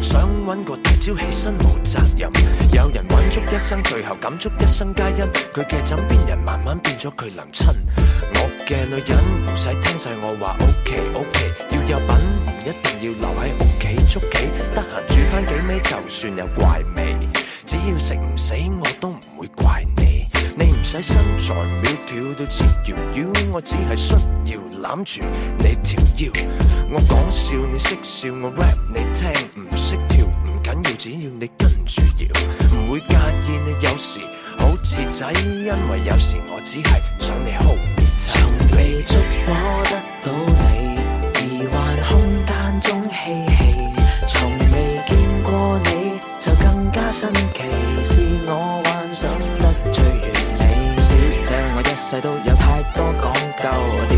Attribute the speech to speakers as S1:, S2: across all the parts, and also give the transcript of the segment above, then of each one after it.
S1: 想揾個大招起身冇責任，有人揾足一生，最後感觸一生皆因佢嘅枕邊人慢慢變咗佢娘親。我嘅女人唔使聽晒我話，OK OK 要有品，唔一定要留喺屋企捉棋得閒煮翻幾味就算有怪味，只要食唔死我都唔會怪你。你唔使身材苗條都似要妖，我只係需要，攬住你條腰，我講笑你識笑，我 rap 你聽唔識跳唔緊要，只要你跟住搖，唔會介意你有時好似仔，因為有時我只係想你
S2: 好。o l d 從未捉摸得到你，而幻空間中嬉戲，從未見過你就更加新奇，是我幻想得最完美。小姐，我一世都有太多講究。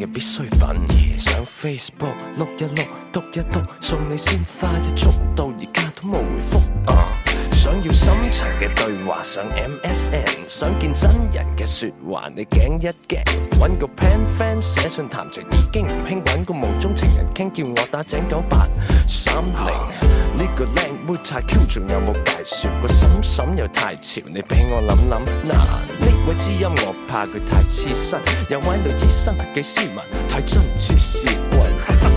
S1: 嘅必需品，上 Facebook 碌一碌，督一督，送你鮮花一束，到而家都冇回覆。深層嘅對話上 MSN，想見真人嘅說話，你驚一驚，搵個 pen friend 寫信談情已經唔興，搵個夢中情人傾，叫我打井九八三零。呢、啊、個靚妹太 Q，仲有冇介紹？個心心又太潮，你俾我諗諗。嗱、呃，呢位知音我怕佢太黐身，有位女醫生嘅斯文，太真唔出是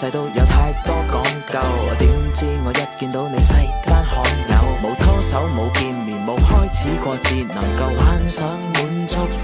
S2: 世都有太多講究，點知我一見到你世間罕有，冇拖手，冇見面，冇開始過節，能夠幻想滿足。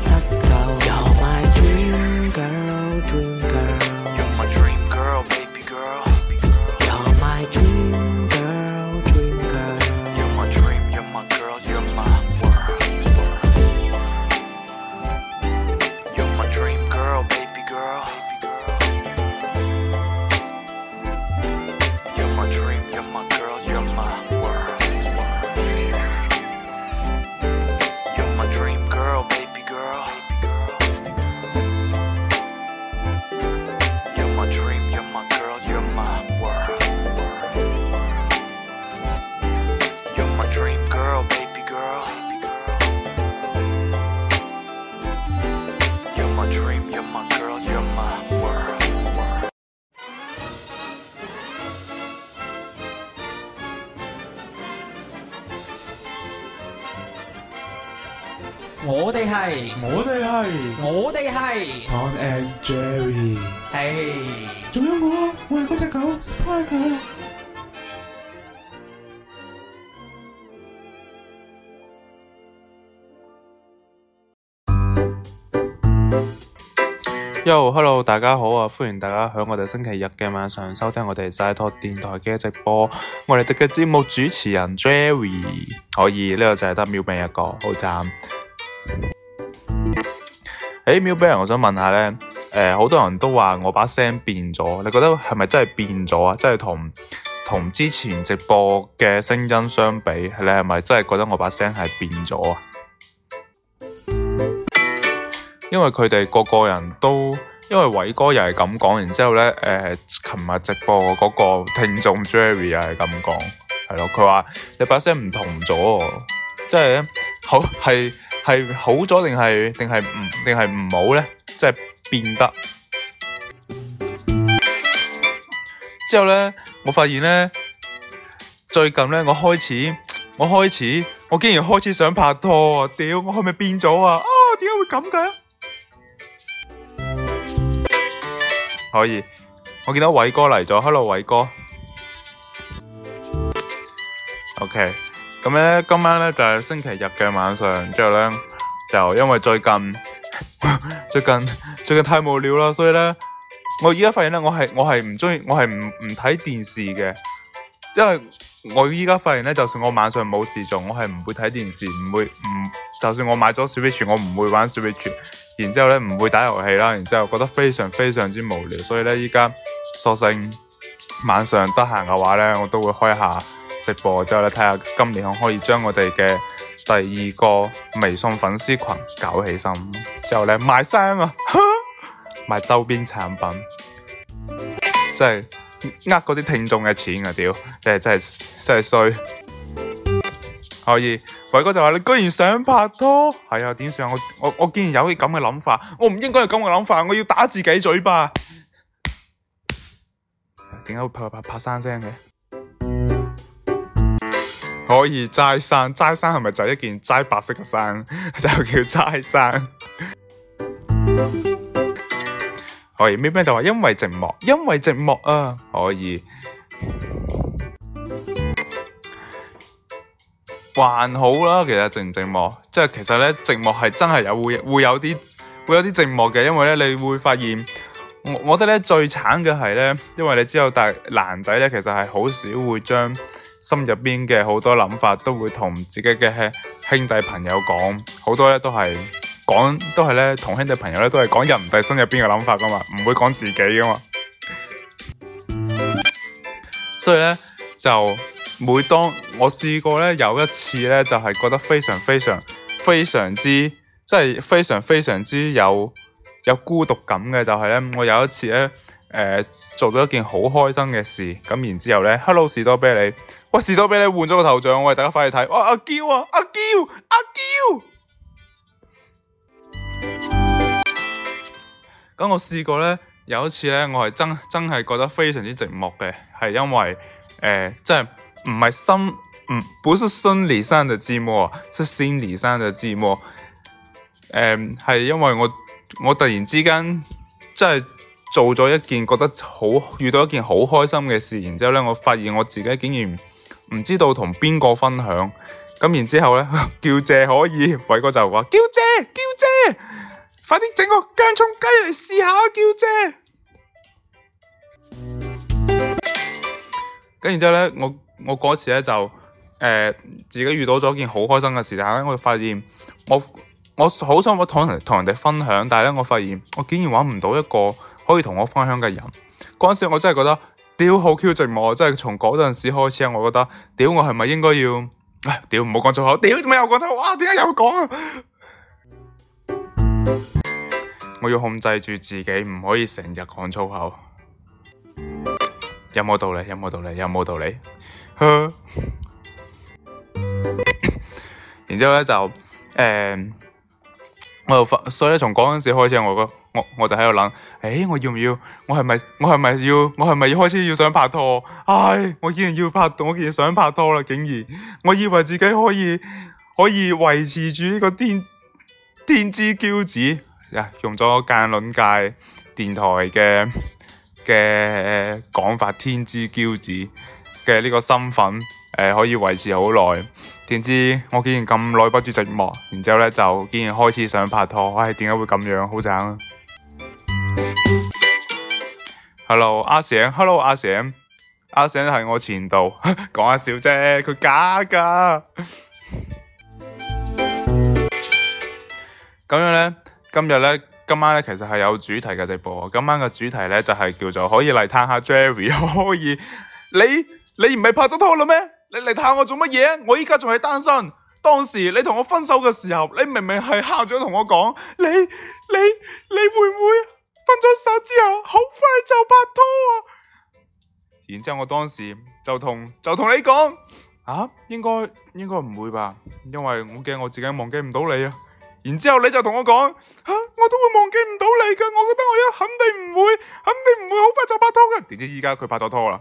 S3: Yo，Hello，大家好啊！歡迎大家響我哋星期日嘅晚上收聽我哋晒托電台嘅直播。我哋嘅節目主持人 Jerry，可以呢、這個就係得 Miu Bing 一個，好讚。誒 Miu Bing 我想問下咧，誒、呃，好多人都話我把聲變咗，你覺得係咪真係變咗啊？即係同同之前直播嘅聲音相比，你係咪真係覺得我把聲係變咗啊？因為佢哋個個人都，因為偉哥又係咁講，然之後咧，誒、呃，琴日直播嗰個聽眾 Jerry 又係咁講，係咯，佢話你把聲唔同咗，即係咧，好係係好咗定係定係唔定係唔好咧，即係變得。之後咧，我發現咧，最近咧，我開始我開始我竟然開始想拍拖啊！屌，我係咪變咗啊？啊、哦，點解會咁嘅？可以，我見到偉哥嚟咗，hello 偉哥。OK，咁咧今晚咧就係星期日嘅晚上，之後咧就因為最近最近最近太無聊啦，所以咧我依家發現咧我係我係唔中意我係唔唔睇電視嘅，因為我依家發現咧就算我晚上冇事做，我係唔會睇電視，唔會唔就算我買咗 Switch，我唔會玩 Switch。然之後呢唔會打遊戲啦，然之後覺得非常非常之無聊，所以呢，依家索性晚上得閒嘅話呢，我都會開下直播，之後呢，睇下今年可唔可以將我哋嘅第二個微信粉絲群搞起身，之後呢，賣衫啊，賣周邊產品，真係呃嗰啲聽眾嘅錢啊，屌，真係真係真係衰。可以，偉哥就話你居然想拍拖，係、哎、啊，點算我我我竟然有啲咁嘅諗法，我唔應該有咁嘅諗法，我要打自己嘴巴。點解 會拍拍拍生聲嘅？可以齋生，齋生係咪就係一件齋白色嘅衫 就叫齋摘生。 可以，咩咩就話因為寂寞，因為寂寞啊，可以。還好啦，其實寂唔寂寞，即係其實呢，寂寞係真係有會會有啲會有啲寂寞嘅，因為呢，你會發現，我我覺得呢，最慘嘅係呢，因為你知道大男仔呢，其實係好少會將心入邊嘅好多諗法都會同自己嘅兄弟朋友講，好多呢都係講都係呢同兄弟朋友呢都係講人哋心入邊嘅諗法噶嘛，唔會講自己噶嘛，所以呢，就。每當我試過咧，有一次咧，就係、是、覺得非常非常非常之，即係非常非常之有有孤獨感嘅，就係、是、咧，我有一次咧，誒、呃、做咗一件好開心嘅事，咁然之後咧，Hello 士多啤梨，哇士多啤梨換咗個頭像，喂大家快嚟睇，哇阿嬌啊，阿嬌，阿嬌，咁我試過咧，有一次咧，我係真真係覺得非常之寂寞嘅，係因為誒即係。呃唔係心，唔，不是生理上的寂寞，是心理上的寂寞。誒、um，係因為我，我突然之間真係做咗一件覺得好，遇到一件好開心嘅事，然之後呢我發現我自己竟然唔知道同邊個分享，咁然之後咧，叫姐可以，偉哥就話叫，叫姐，叫姐，快啲整個薑蔥雞嚟試一下，啊，叫姐。然後咧，我。我嗰次咧就誒、呃，自己遇到咗件好開心嘅事，但係咧，我發現我我好想我同人同人哋分享，但係咧，我發現我竟然搵唔到一個可以同我分享嘅人。嗰陣時我真係覺得，屌好 Q 寂寞，真係從嗰陣時開始，我覺得，屌我係咪應該要啊？屌唔好講粗口，屌點解又講得？哇！點解又講？ 我要控制住自己，唔可以成日講粗口。有冇道理？有冇道理？有冇道理？呵， 然之後咧就誒、欸，我又發所以咧，從嗰陣時開始我，我個我我就喺度諗，誒、欸，我要唔要？我係咪？我係咪要？我係咪要開始要想拍拖？唉、哎，我竟然要拍，我竟然想拍拖啦！竟然，我以為自己可以可以維持住呢個天天之驕子、yeah, 用咗間輪界電台嘅嘅講法，天之驕子。嘅呢個身份，誒、呃、可以維持好耐，點知我竟然咁耐不住寂寞，然之後咧就竟然開始想拍拖，唉、哎，點解會咁樣？好慘啊！Hello 阿醒，Hello 阿醒，阿醒係我前度講下笑啫，佢假
S4: 㗎。
S3: 咁 樣咧，今日咧，今晚咧，其實係有主題嘅直、這個、播。今晚嘅主題咧就係、是、叫做可以嚟探下 Jerry，可以你。你唔係拍咗拖啦咩？你嚟探我做乜嘢？我依家仲係單身。當時你同我分手嘅時候，你明明係喊咗同我講，你你你會唔會分咗手之後好快就拍拖啊？然之後我當時就同就同你講，啊，應該應該唔會吧？因為我驚我自己忘記唔到你啊。然之後你就同我講，吓、啊，我都會忘記唔到你噶。我覺得我一肯定唔會，肯定唔會好快就拍拖噶。點知依家佢拍咗拖啦。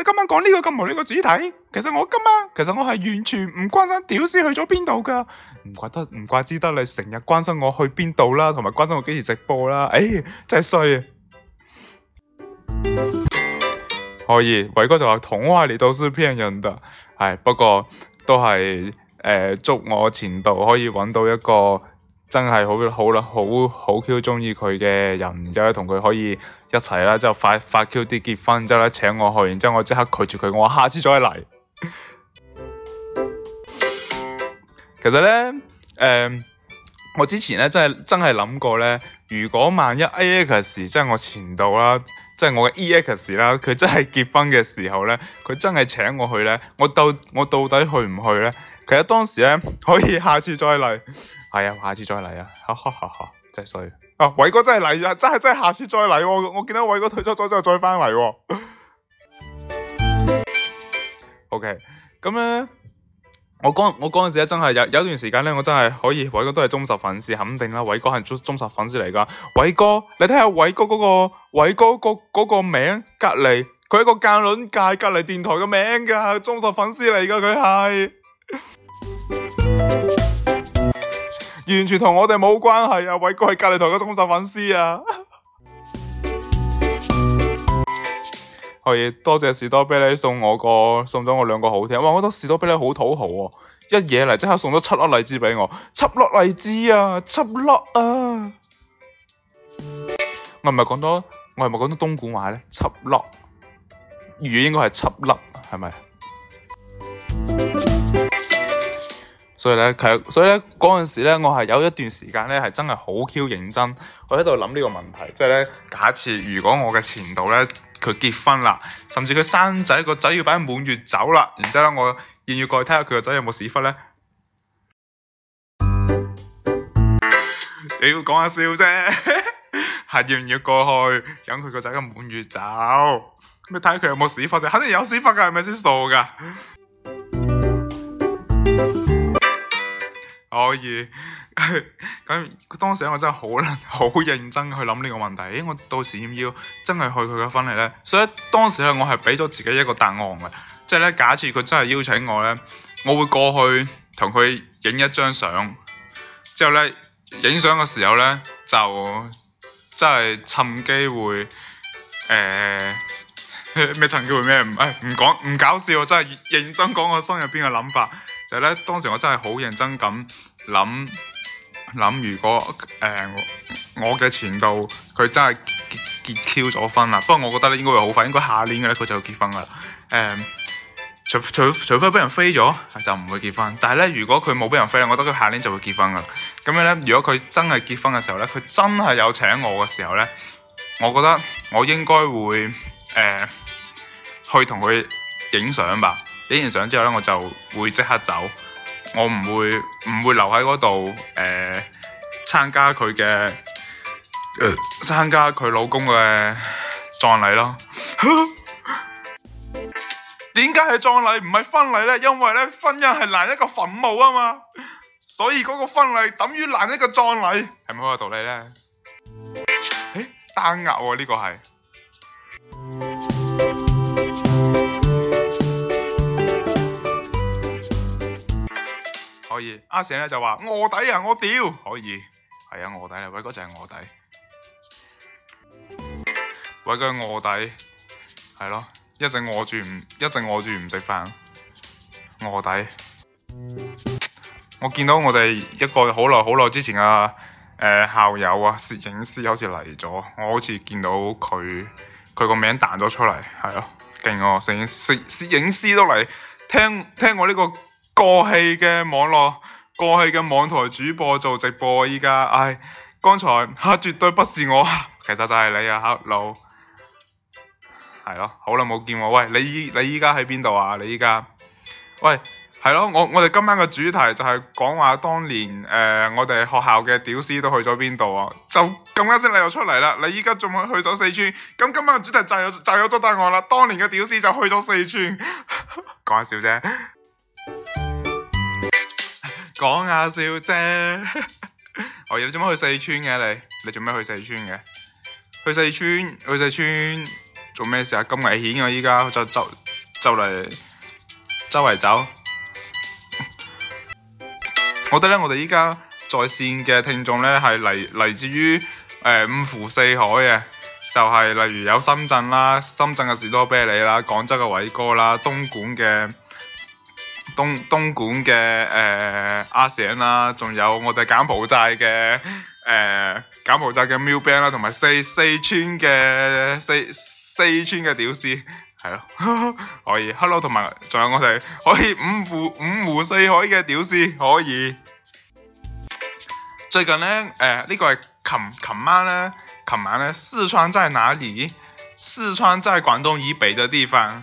S3: 你今晚講呢、這個咁無聊嘅主題，其實我今晚其實我係完全唔關心屌絲去咗邊度噶，唔怪得唔怪之得你成日關心我去邊度啦，同埋關心我幾時直播啦，誒、哎，真係衰啊！可以，偉哥就話童話裏都是騙人的，係不過都係，誒、祝、呃、我前度可以揾到一個真係好好啦，好好 Q 中意佢嘅人，然之後同佢可以。一齊啦，就快發，發 Q 啲結婚，之後咧請我去，然之後我即刻拒絕佢，我話下次再嚟。 其實咧，誒、呃，我之前咧真係真係諗過咧，如果萬一 A X 即係我前度啦，即係我嘅 E X 啦，佢真係結婚嘅時候咧，佢真係請我去咧，我到我到底去唔去咧？其實當時咧可以下次再嚟，係 啊、哎，下次再嚟啊，哈哈哈哈，真衰。啊，偉哥真係嚟啦！真係真係，下次再嚟喎。我見到偉哥退咗咗之後再翻嚟喎。O K，咁咧，我嗰陣時真係有有段時間咧，我真係可以，偉哥都係忠實粉絲，肯定啦。偉哥係忠忠實粉絲嚟噶。偉哥，你睇下偉哥嗰個，偉哥嗰嗰個名隔籬，佢係一個間輪界隔籬電台嘅名噶，忠實粉絲嚟噶佢係。 完全同我哋冇關係啊！偉哥係隔籬台嘅忠實粉絲啊！ 可以多謝士多啤梨送我個，送咗我兩個好聽。哇！嗰個士多啤梨好土豪哦，一嘢嚟即刻送咗七粒荔枝俾我，七粒荔枝啊，七粒啊！我唔係講多？我係咪講多東莞話呢，七粒粵語應該係七粒係咪？是 所以咧，其實所以咧嗰陣時咧，我係有一段時間咧，係真係好 Q 認真，我喺度諗呢個問題，即係咧，假設如果我嘅前度咧，佢結婚啦，甚至佢生仔，個仔要擺滿月酒啦，然之後呢我要唔 要，要過去睇下佢個仔有冇屎忽咧？你要講下笑啫，係要唔要過去飲佢個仔嘅滿月酒？咩睇下佢有冇屎忽啫？肯定有屎忽噶係咪先傻噶？ 可所以，咁 當時我真係好、好認真去諗呢個問題。咦、欸，我到時要真係去佢嘅婚禮咧，所以當時咧我係畀咗自己一個答案嘅，即係咧假設佢真係邀請我咧，我會過去同佢影一張相。之後咧影相嘅時候咧，就真係趁機會，誒咩趁機會咩？唔誒唔講唔搞笑，真係認真講我心入邊嘅諗法。就係咧，當時我真係好認真咁諗諗，如果誒、呃、我嘅前度佢真係結結 Q 咗婚啦，不過我覺得咧應該會好快，應該下年嘅咧佢就會結婚噶啦。誒、呃，除除，除非俾人飛咗就唔會結婚，但係咧如果佢冇俾人飛，我覺得佢下年就會結婚噶啦。咁樣咧，如果佢真係結婚嘅時候咧，佢真係有請我嘅時候咧，我覺得我應該會誒、呃、去同佢影相吧。影完相之後咧，我就會即刻走，我唔會唔會留喺嗰度誒，參加佢嘅誒，參加佢老公嘅葬禮咯。點解係葬禮唔係婚禮咧？因為咧，婚姻係難一個墳墓啊嘛，所以嗰個婚禮等於難一個葬禮，係咪好有道理咧？誒，單牛啊，呢個係。阿成咧就話臥底啊！臥底我屌可以係啊臥底啊！偉哥就係臥底，偉哥臥底係咯、啊，一陣卧住唔一陣卧住唔食飯臥底。我見到我哋一個好耐好耐之前嘅誒、呃、校友啊，攝影師好似嚟咗，我好似見到佢佢個名彈咗出嚟，係咯勁哦！攝、啊、影攝攝影師都嚟聽聽我呢、這個。過氣嘅網絡，過氣嘅網台主播做直播依家，唉、哎，剛才吓、啊、絕對不是我，其實就係你啊，吓老，係咯，好耐冇見喎。喂，你依你依家喺邊度啊？你依家，喂，係咯，我我哋今晚嘅主題就係講話當年誒、呃，我哋學校嘅屌絲都去咗邊度啊？就咁啱先，你又出嚟啦？你依家仲去去咗四川？咁今晚嘅主題就有就有咗答案啦！當年嘅屌絲就去咗四川，講笑啫。講下笑啫，我而家做咩去四川嘅你？你做咩去四川嘅？去四川，去四川做咩事啊？咁危險啊依家，就就就嚟周圍走。 我覺得咧，我哋依家在線嘅聽眾咧，係嚟嚟自於誒、欸、五湖四海嘅，就係、是、例如有深圳啦、深圳嘅士多啤梨啦、廣州嘅偉哥啦、東莞嘅。東東莞嘅誒阿醒啦，仲有我哋柬埔寨嘅誒、呃、柬埔寨嘅喵兵啦，同埋四四川嘅四四川嘅屌絲，係咯，可以。Hello，同埋仲有我哋可以五湖五湖四海嘅屌絲可以。最近咧誒呢、呃，這個係琴琴晚咧，琴晚咧，四川在哪裏？四川在廣東以北嘅地方。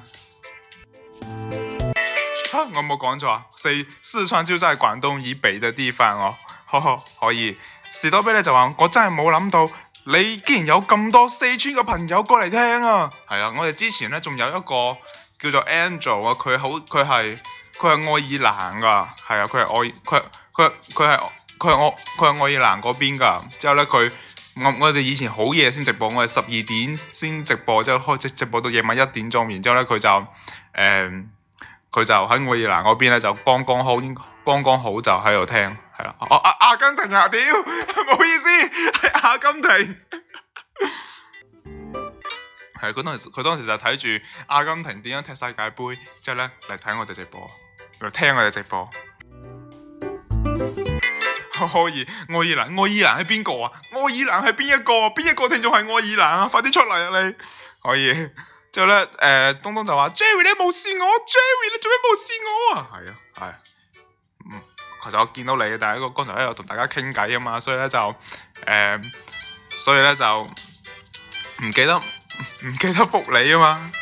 S3: 我冇講錯啊，四四川就真係廣東以北嘅地方哦、啊，可 可可以。士多啤梨就話我真係冇諗到你竟然有咁多四川嘅朋友過嚟聽啊！係啊，我哋之前咧仲有一個叫做 Angel 啊，佢好佢係佢係愛爾蘭噶，係啊，佢係愛佢佢佢係佢係我佢係愛爾蘭嗰邊噶。之後咧佢我我哋以前好夜先直播，我哋十二點先直播，之後開始直播到夜晚一點鐘，然之後咧佢就誒。嗯佢就喺愛爾蘭嗰邊咧，就剛剛好，應該剛剛好就喺度聽，係啦。哦、啊，阿、啊、阿根廷啊，屌，唔好意思，係阿根廷。係 佢當時，佢當時就睇住阿根廷點樣踢世界杯，之後咧嚟睇我哋直播，嚟聽我哋直播可、啊啊啊啊啊。可以，愛爾蘭，愛爾蘭係邊個啊？愛爾蘭係邊一個？邊一個聽眾係愛爾蘭啊？快啲出嚟啊！你可以。之後咧，誒、呃，東東就話：Jerry，你無視我，Jerry，你做咩無視我啊？係啊，係、啊，嗯，其實我見到你嘅，但係個剛才咧我同大家傾偈啊嘛，所以咧就，誒、呃，所以咧就唔記得唔記得覆你啊嘛。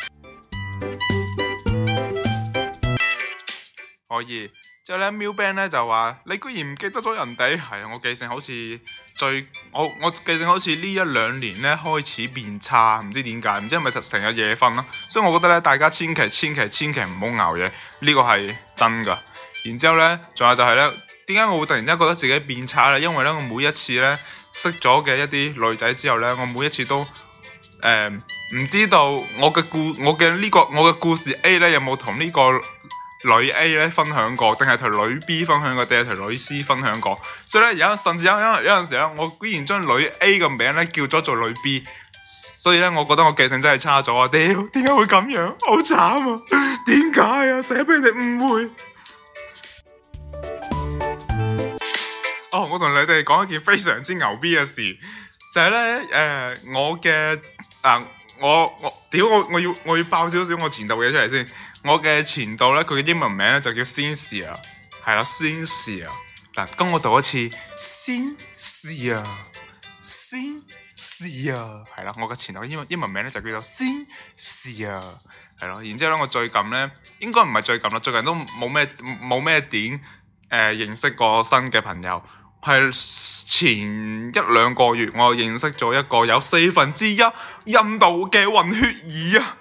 S3: 可以，之後咧，Milband 咧就話：你居然唔記得咗人哋？係啊，我記性好似最。我我記性好似呢一兩年咧開始變差，唔知點解，唔知係咪成日夜瞓啦、啊。所以我覺得咧，大家千祈千祈千祈唔好熬夜，呢個係真㗎。然之後咧，仲有就係咧，點解我會突然間覺得自己變差咧？因為咧，我每一次咧識咗嘅一啲女仔之後咧，我每一次都誒唔、呃、知道我嘅故我嘅呢、這個我嘅故事 A 咧有冇同呢個。女 A 咧分享過，定係同女 B 分享過，定係同女 C 分享過，所以咧有陣甚至有有有陣時咧，我居然將女 A 個名咧叫咗做女 B，所以咧我覺得我記性真係差咗啊！屌，點解會咁樣？好慘啊！點解啊？成日俾人哋誤會。哦， oh, 我同你哋講一件非常之牛逼嘅事，就係咧誒，我嘅啊，我我屌我我要我要爆少少我前度嘢出嚟先。我嘅前度咧，佢嘅英文名咧就叫 Cynthia，係啦 Cynthia，嗱跟我讀一次 Cynthia，Cynthia，係啦，我嘅前度英文英文名咧就叫做 Cynthia，係咯，然之後咧我最近咧，應該唔係最近啦，最近都冇咩冇咩點誒、呃、認識過新嘅朋友，係前一兩個月我認識咗一個有四分之一印度嘅混血兒啊！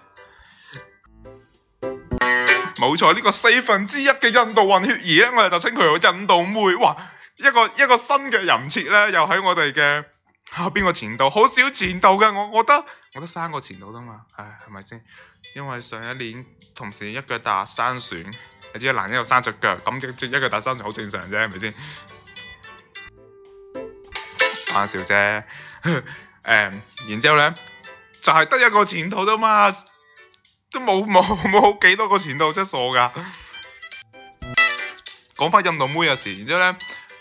S3: 冇錯呢個四分之一嘅印度混血兒咧，我哋就稱佢為印度妹。哇，一個一個新嘅人設咧，又喺我哋嘅下邊個前度，好少前度噶。我我覺得，我覺得三個前度啫嘛。唉，係咪先？因為上一年同時一腳踏三船，你知男人又三隻腳，咁一一腳踏三船好正常啫，係咪先？玩笑啫。誒、 嗯，然之後咧，就係、是、得一個前度啫嘛。都冇冇冇幾多個前度，真傻噶！講 翻印度妹嘅事，然之後呢，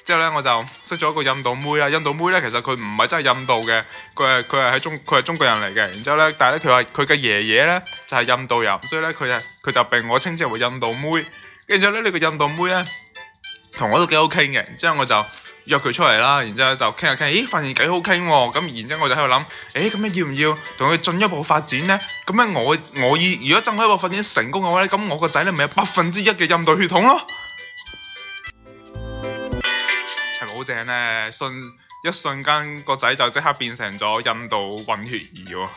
S3: 之後呢，我就識咗一個印度妹啦。印度妹呢，其實佢唔係真係印度嘅，佢係佢係喺中，佢係中國人嚟嘅。然之後咧，但係咧佢話佢嘅爺爺呢，就係、是、印度人，所以呢，佢係佢就被我稱之為印度妹。跟住咧，呢、這個印度妹呢，同我都幾好傾嘅，之後我就。約佢出嚟啦，然之後就傾下傾，咦發現幾好傾喎，咁然之後我就喺度諗，誒咁樣要唔要同佢進一步發展咧？咁樣我我而如果進一步發展成功嘅話咧，咁我個仔咧咪有百分之一嘅印度血統咯？係咪好正咧？瞬一瞬間個仔就即刻變成咗印度混血兒喎。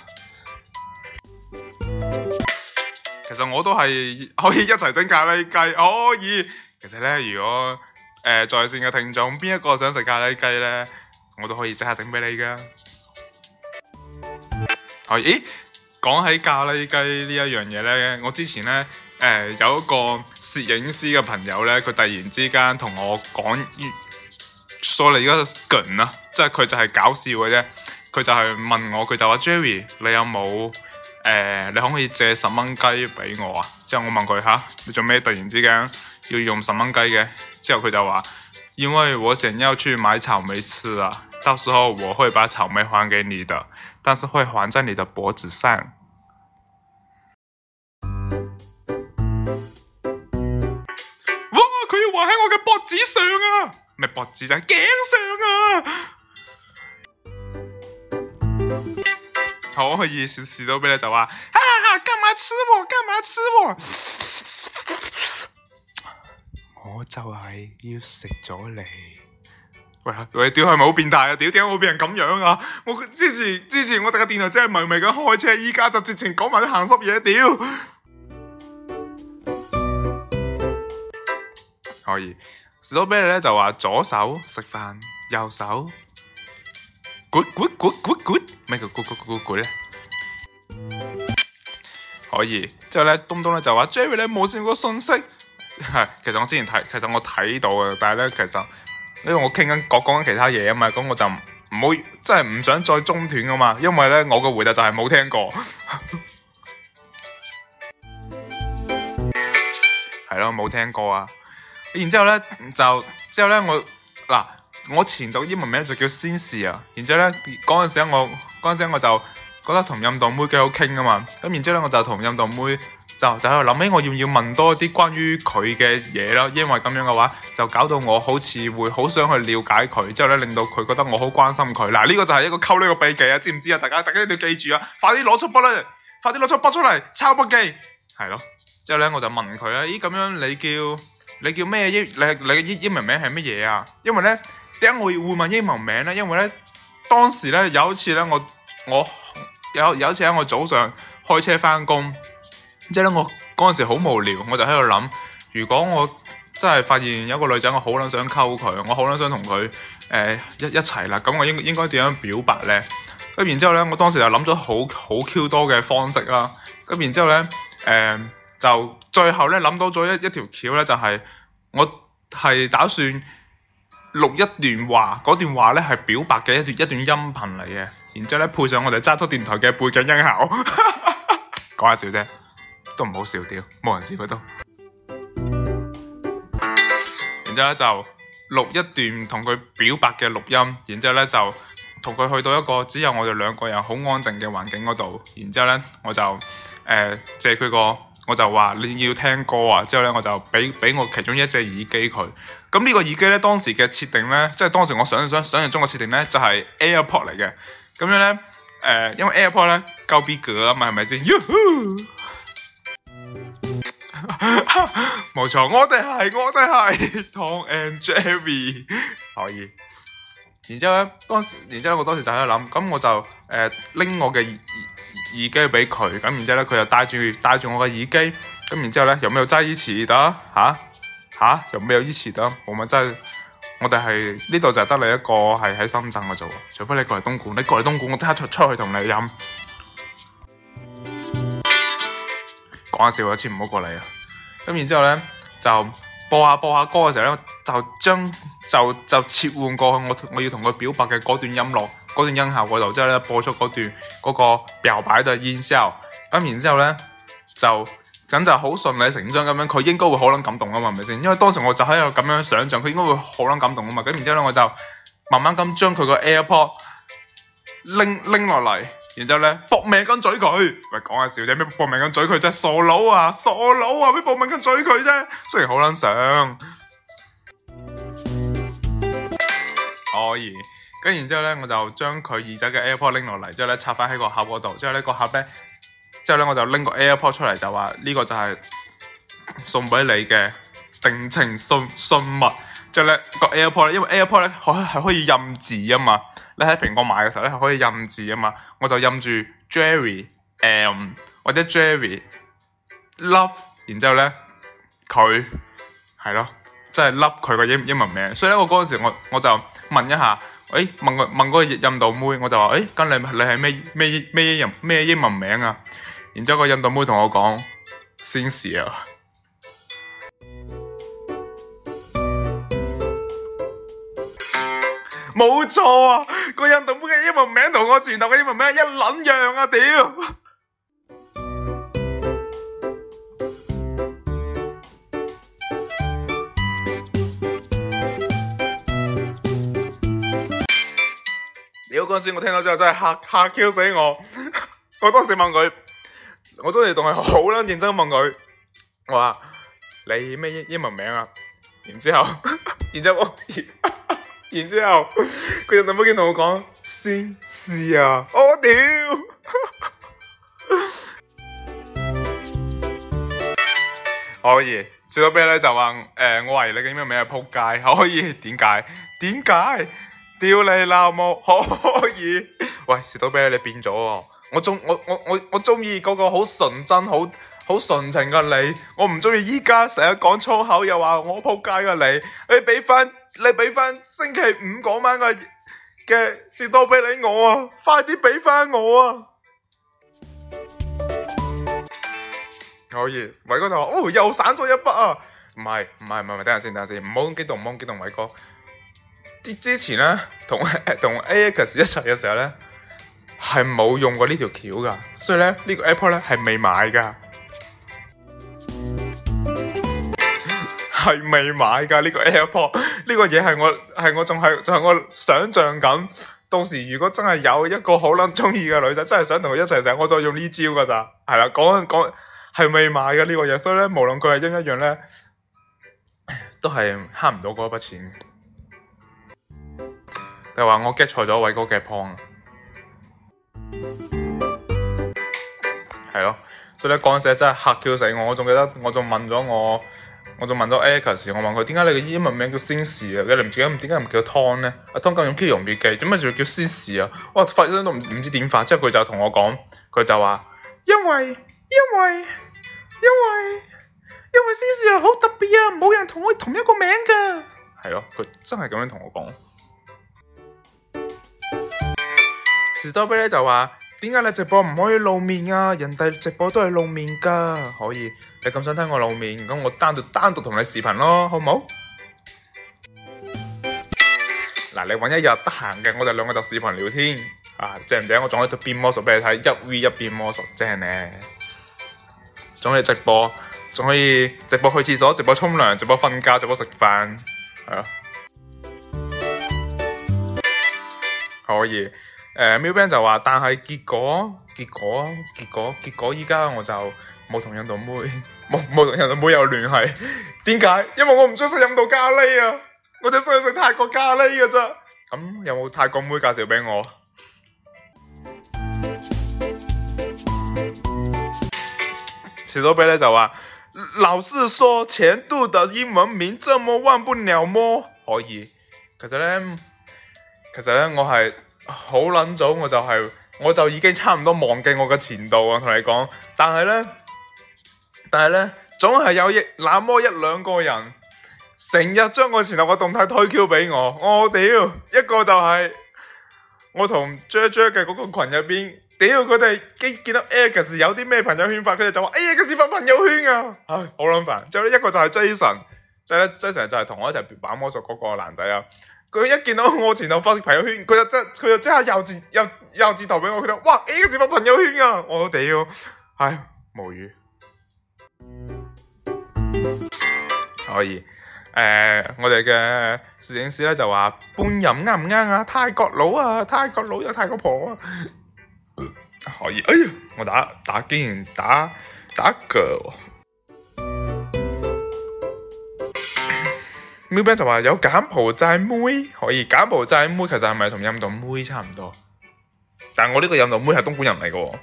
S3: 其實我都係可以一齊整咖喱雞，可以。其實咧，如果誒、呃，在線嘅聽眾邊一個想食咖喱雞呢？我都可以即刻整俾你噶。咦講、 哦、起咖喱雞呢一樣嘢呢，我之前呢，誒、呃、有一個攝影師嘅朋友呢，佢突然之間同我講，sorry 你一個梗啊，即係佢就係搞笑嘅啫。佢就係問我，佢就話 Jerry，你有冇誒、呃、你可唔可以借十蚊雞俾我啊？之後我問佢吓，你做咩突然之間要用十蚊雞嘅？叫佢就話因為我想要去買草莓吃啊！到時候我會把草莓還給你的，但是會還在你的脖子上。
S4: 哇！佢要還喺我嘅脖子上啊？
S3: 咪脖子咋
S4: 頸上啊？
S3: 好，意思，死都俾你，走、啊、話，哈、啊、哈！幹嘛吃我？幹嘛吃我？就係要食咗你，喂喂，屌係咪好變態啊？屌，點解會變成咁樣啊？我之前之前我哋個電台真係咪咪咁開車，依家就直情講埋啲鹹濕嘢，屌！可以，士多啤梨咧？就話左手食飯，右手咕咕咕咕咕，咩叫咕咕咕咕咧？可以，之後咧東東咧就話 Jerry，咧冇線個信息。係，其實我之前睇，其實我睇到嘅，但係咧，其實因為我傾緊講講緊其他嘢啊嘛，咁我就唔好，即係唔想再中斷噶嘛，因為咧我嘅回答就係冇聽過，係咯冇聽過啊。然之後咧就之後咧我嗱、呃，我前度英文名就叫先士啊。然之後咧嗰陣時我嗰陣、那個、時我就覺得同印度妹幾好傾啊嘛，咁然之後咧我就同印度妹。就就喺度諗起我要唔要問多啲關於佢嘅嘢咯，因為咁樣嘅話就搞到我好似會好想去了解佢，之後咧令到佢覺得我好關心佢。嗱呢個就係一個溝呢個秘技啊，知唔知啊？大家大家一定要記住啊！快啲攞出筆啦，快啲攞出筆出嚟抄筆記，係咯。之後咧我就問佢啊，咦，咁樣你叫你叫咩英？你你嘅英文名係乜嘢啊？因為咧點解我要會問英文名咧？因為咧當時咧有一次咧我我有有一次喺我早上開車翻工。即係咧，我嗰陣時好無聊，我就喺度諗，如果我真係發現有個女仔，我好捻想溝佢，我好捻想同佢誒一一齊啦，咁我應該應該點樣表白咧？咁然之後咧，我當時就諗咗好好 Q 多嘅方式啦。咁然之後咧，誒、呃、就最後咧諗到咗一一條橋咧，就係、是、我係打算錄一段話，嗰段話咧係表白嘅一段一段音頻嚟嘅，然之後咧配上我哋渣土電台嘅背景音效，講下笑啫。都唔好笑屌，冇人笑佢都。然之後咧就錄一段同佢表白嘅錄音，然之後咧就同佢去到一個只有我哋兩個人好安靜嘅環境嗰度。然之後咧我就誒、呃、借佢個，我就話你要聽歌啊。之後咧我就俾俾我其中一隻耳機佢。咁呢個耳機咧當時嘅設定咧，即係當時我想想想象中嘅設定咧，就係、是、AirPod 嚟嘅。咁樣咧，誒、呃，因為 AirPod 咧夠逼格啊嘛，係咪先？冇錯，我哋係我哋係 Tom and Jerry，可以。然之後咧，當時，然之後我當時就喺度諗，咁我就誒拎我嘅耳耳機俾佢，咁然之後咧，佢就戴住戴住我嘅耳機，咁然之後咧，有冇有雞翅得？吓吓，有冇有雞翅得？我咪真係，我哋係呢度就係得你一個係喺深圳嗰度，除非你過嚟東莞，你過嚟東莞，我即刻出出去同你飲。講下笑，千祈唔好過嚟啊！咁然之後咧，就播下播下歌嘅時候咧，就將就就切換過去我我要同佢表白嘅嗰段音樂嗰段音效，我就即係咧播出嗰段嗰個表白嘅音效。咁然之後咧，就咁就好順理成章咁樣，佢應該會好撚感動啊嘛，係咪先？因為當時我就喺度咁樣想象，佢應該會好撚感動啊嘛。咁然之後咧，我就慢慢咁將佢個 AirPod 拎拎落嚟。然之後咧，搏命咁嘴佢，咪講下笑啫，咩搏命咁嘴佢啫，傻佬啊，傻佬啊，咩搏命咁嘴佢啫，雖然好捻想， 可以，跟住之後呢，我就將佢耳仔嘅 AirPod 拎落嚟。之後呢，插翻喺個盒嗰度，之後呢個盒呢，之後呢，我就拎個 AirPod 出嚟，就話呢個就係送俾你嘅定情信信物。即個 AirPods 因為 AirPods 可，可以印字啊嘛。你喺蘋果買嘅時候咧係可以印字啊嘛。我就印住 Jerry M 或者 Jerry Love，然之後咧佢係咯，即係、就是、Love 佢個英英文名。所以咧我嗰陣時我我就問一下，誒、欸、問個問印度妹，我就話誒，咁、欸、你你係咩咩咩英咩英文名啊？然之後個印度妹同我講 Sister 冇錯啊！個印度妹嘅英文名同我前頭嘅英文名一撚樣啊！屌！屌嗰陣時我聽到之後真係吓吓 Q 死我！ 我當時問佢，我當時仲係好撚認真問佢，我話你咩英文名啊？然之後， 然之後我。 然之後佢就冇冇見同我講先試啊，我、oh, 屌！ 欸、可以，最多啤咧就話誒，我懷疑你嘅咩名啊，撲街！可以點解？點解？屌你老母！可以，喂，食到啤你，你變咗喎！我中我我我我中意嗰個好純真、好好純情嘅你，我唔中意而家成日講粗口又話我撲街嘅你。你、欸、俾分。你俾翻星期五嗰晚嘅士多啤梨，我啊！快啲俾翻我啊！可以，偉哥就話：哦，又省咗一筆啊！唔係唔係唔係，等下先等下先，唔好激動唔好激動，偉哥。啲之前呢，同 AX 一齊嘅時候咧，係冇用過呢條橋噶，所以呢，呢、呢個 Apple 呢，係未買噶。係未買噶，呢個 AirPod 呢個嘢係我係我仲係仲係我想象咁，到時如果真係有一個好捻中意嘅女仔，真係想同佢一齊食，我就用呢招噶咋，係啦，講講係未買噶呢個嘢，所以咧，無論佢係一唔一樣咧，都係慳唔到嗰一筆錢。又話我 get 錯咗偉哥嘅 phone 係咯，所以咧講起真係吓叫死我，我仲記得我仲問咗我。我就問咗 Alex 時，欸、我問佢點解你嘅英文名叫 Siss 啊？你唔、知點解唔叫 Tom 呢？阿 Tom 咁用基隆別記，點解仲要叫 Siss 啊？我發音都唔知點發，之後佢就同我講，佢就話因為因為因為因為 Siss 啊好特別啊，冇人同我同一個名噶，係咯，佢真係咁樣同我講。士多啤梨就話。點解你直播唔可以露面啊？人哋直播都係露面噶，可以。你咁想聽我露面，咁我單獨單獨同你視頻咯，好唔好？嗱，你揾一日得閒嘅，我哋兩個就視頻聊天啊，正唔正？我仲喺度變魔術俾你睇，一 v 一變魔術，正呢。仲可以直播，仲可以直播去廁所，直播沖涼，直播瞓覺，直播食飯，係啊，可以。誒喵兵就話，但係結果，結果，結果，結果，依家我就冇同印度妹冇冇同印度妹有聯繫。點解？因為我唔想食印度咖喱啊！我只想食泰國咖喱噶啫。咁、嗯、有冇泰國妹介紹俾我？士多啤梨就話？ 老師說前度的英文名這麼忘不了麼？ 可以。其實呢，其實呢，我係。好捻早我就係、是，我就已經差唔多忘記我嘅前度啊！同你講，但係咧，但係咧，總係有一那麼一兩個人，成日將我前度嘅動態推 q 俾我，我、哦、屌一個就係、是、我同 J、er、J 嘅、er、嗰個群入邊，屌佢哋見見到 Alex 有啲咩朋友圈發，佢哋就話，哎呀，Alex 發朋友圈啊，唉，好捻煩！之後咧，一個就係 Jason，即係咧，Jason 就係同我一齊玩魔術嗰個男仔啊。佢一見到我前度發朋友圈，佢就即刻，佢就即刻又自又又自投俾我，佢就哇呢個是發朋友圈啊！我哋要，唉，無語。 可以，誒、呃，我哋嘅攝影師咧就話半淫啱唔啱啊？泰國佬啊，泰國佬又、啊、泰國婆啊。 可以，哎呀，我打打竟然打打腳。喎。喵兵就話有柬埔寨妹可以，柬埔寨妹其實係咪同印度妹差唔多？但係我呢個印度妹係東莞人嚟嘅，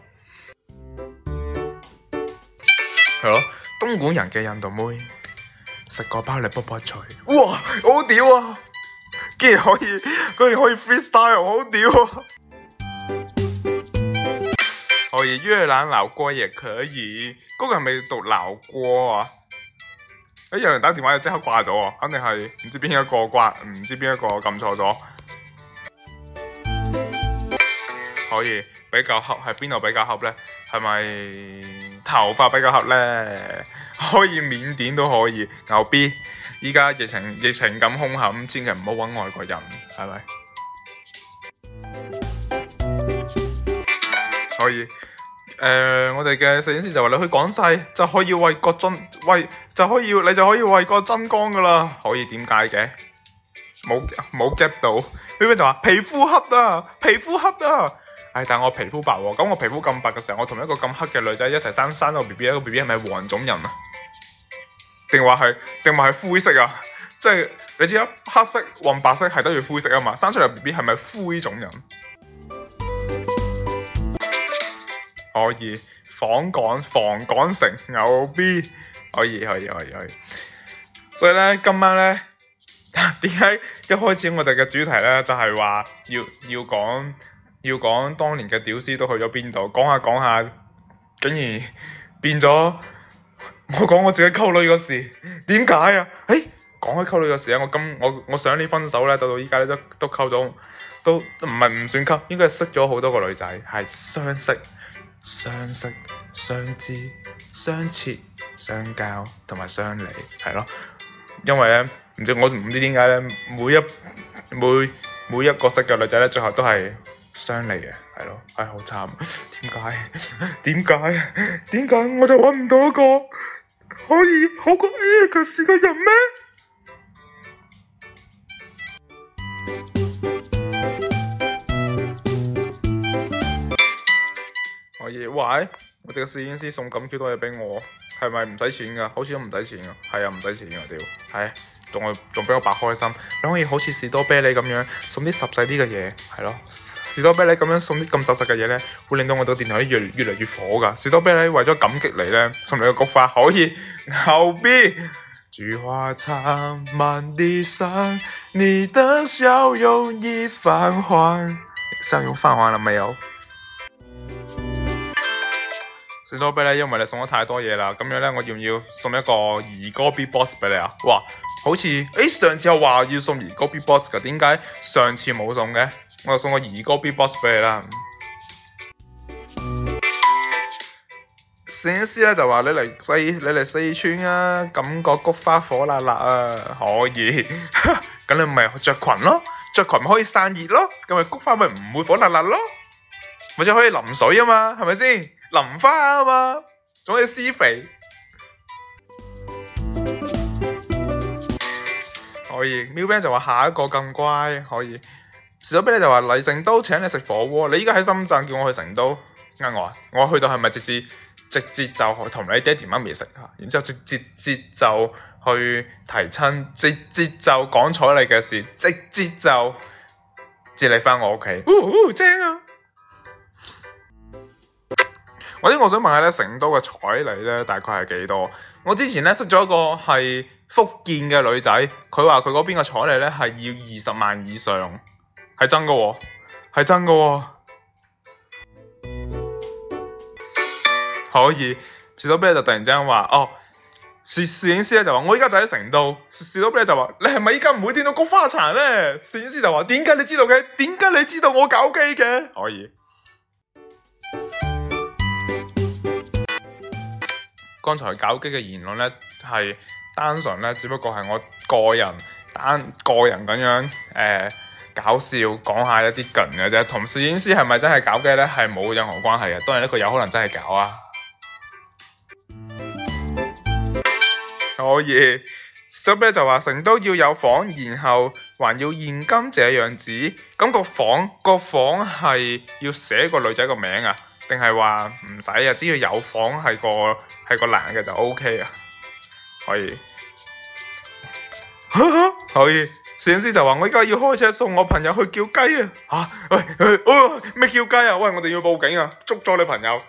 S3: 係咯，東莞人嘅印度妹食個包嚟卜卜脆，哇，好屌啊！竟然可以，居然可以 freestyle，好屌啊！可以越南老郭也可以，嗰個係咪讀老郭啊？哎，有人打電話就即刻掛咗喎，肯定係唔知邊一個掛，唔知邊一個撳錯咗。 可以比較合，係邊度比較合呢？係咪頭髮比較合呢？可以緬甸都可以，牛逼！依家疫情疫情咁兇狠，千祈唔好揾外國人，係咪？可 以。誒、呃，我哋嘅攝影師就話你去講細就可以為國爭為就可以你就可以為國爭光噶啦，可以點解嘅？冇冇 get 到？B B, b 就話皮膚黑啊，皮膚黑啊！唉、哎，但係我皮膚白喎、哦，咁我皮膚咁白嘅時候，我同一個咁黑嘅女仔一齊生生個 B B，個 B B 係咪黃種人啊？定話係定話係灰色啊？即、就、係、是、你知黑色混白色係都要灰色啊嘛，生出嚟 B B 係咪灰種人？可以訪港訪港城，牛逼，可以可以可以可以。所以咧，今晚咧，點解一開始我哋嘅主題咧就係話要要講要講當年嘅屌絲都去咗邊度？講下講下，竟然變咗我講我自己溝女嘅事。點解啊？誒、欸，講開溝女嘅事啊，我今我我想你分手咧，到到依家咧都都溝咗都唔係唔算溝，應該係識咗好多個女仔係相識。相識、相知、相切、相交同埋相離，係咯。因為咧，唔知我唔知點解咧，每一每每一個識嘅女仔咧，最後都係相離嘅，係咯，係好慘。哎，點解？點解？點解？我就揾唔到一個可以好過 A K S 嘅人咩？喂，我哋個攝影師送咁幾多嘢俾我，係咪唔使錢噶？好似都唔使錢噶，係啊，唔使錢啊，屌、哎，係，仲係仲俾我白開心，你可以好似士多啤梨咁樣送啲實際啲嘅嘢，係咯，士多啤梨咁樣送啲咁實際嘅嘢咧，會令到我個電台越越嚟越火噶。士多啤梨為咗感激你咧，送你個菊花可以牛逼。菊 花殘，滿啲山，你的笑容已泛黃，笑容泛黃了未有？士多啤梨，因為你送咗太多嘢啦，咁樣咧，我要唔要送一個兒歌 B box 俾你啊？哇，好似誒，上次又話要送兒歌 B box 嘅，點解上次冇送嘅？我就送個兒歌 B box 俾你啦。攝影師咧就話你嚟西，你嚟四川啊，感覺菊花火辣辣啊，可以。咁你咪着裙咯，着裙咪可以散熱咯，咁咪菊花咪唔會火辣辣咯，或者可以淋水啊嘛，係咪先？淋花啊嘛，仲可以施肥，可以。喵兵就話下一個更乖，可以。小兵咧就話嚟成都請你食火鍋，你依家喺深圳叫我去成都，啱我啊？我去到係咪直接直接就同你爹哋媽咪食，然之後直接直接就去提親，直接就講彩禮嘅事，直接就接你翻我屋企。嗚嗚、哦哦，正啊！我啲我想問下咧，成都嘅彩禮咧大概係幾多？我之前咧識咗一個係福建嘅女仔，佢話佢嗰邊嘅彩禮咧係要二十萬以上，係真噶喎、哦，係真噶喎、哦。 可以，士多啤梨就突然之間話哦，攝影師咧就話我而家就喺成都，士多啤梨就話你係咪而家唔會掂到菊花茶呢？」「攝影師就話點解你知道嘅？點解你知道我搞基嘅？可以。剛才搞基嘅言論呢，係單純咧，只不過係我個人單個人咁樣誒、呃、搞笑講下一啲勁嘅啫。同攝影師係咪真係搞基呢？係冇任何關係嘅。當然呢，佢有可能真係搞啊。可以，後邊咧就話成都要有房，然後還要現金這樣子。咁、那個房個房係要寫個女仔個名啊？定係話唔使啊，只要有房係個係個男嘅就 OK 啊，可以，可以。攝影師就話我而家要開車送我朋友去叫雞啊，吓，喂，哦咩叫雞啊？喂，我哋要報警啊，捉咗你朋友。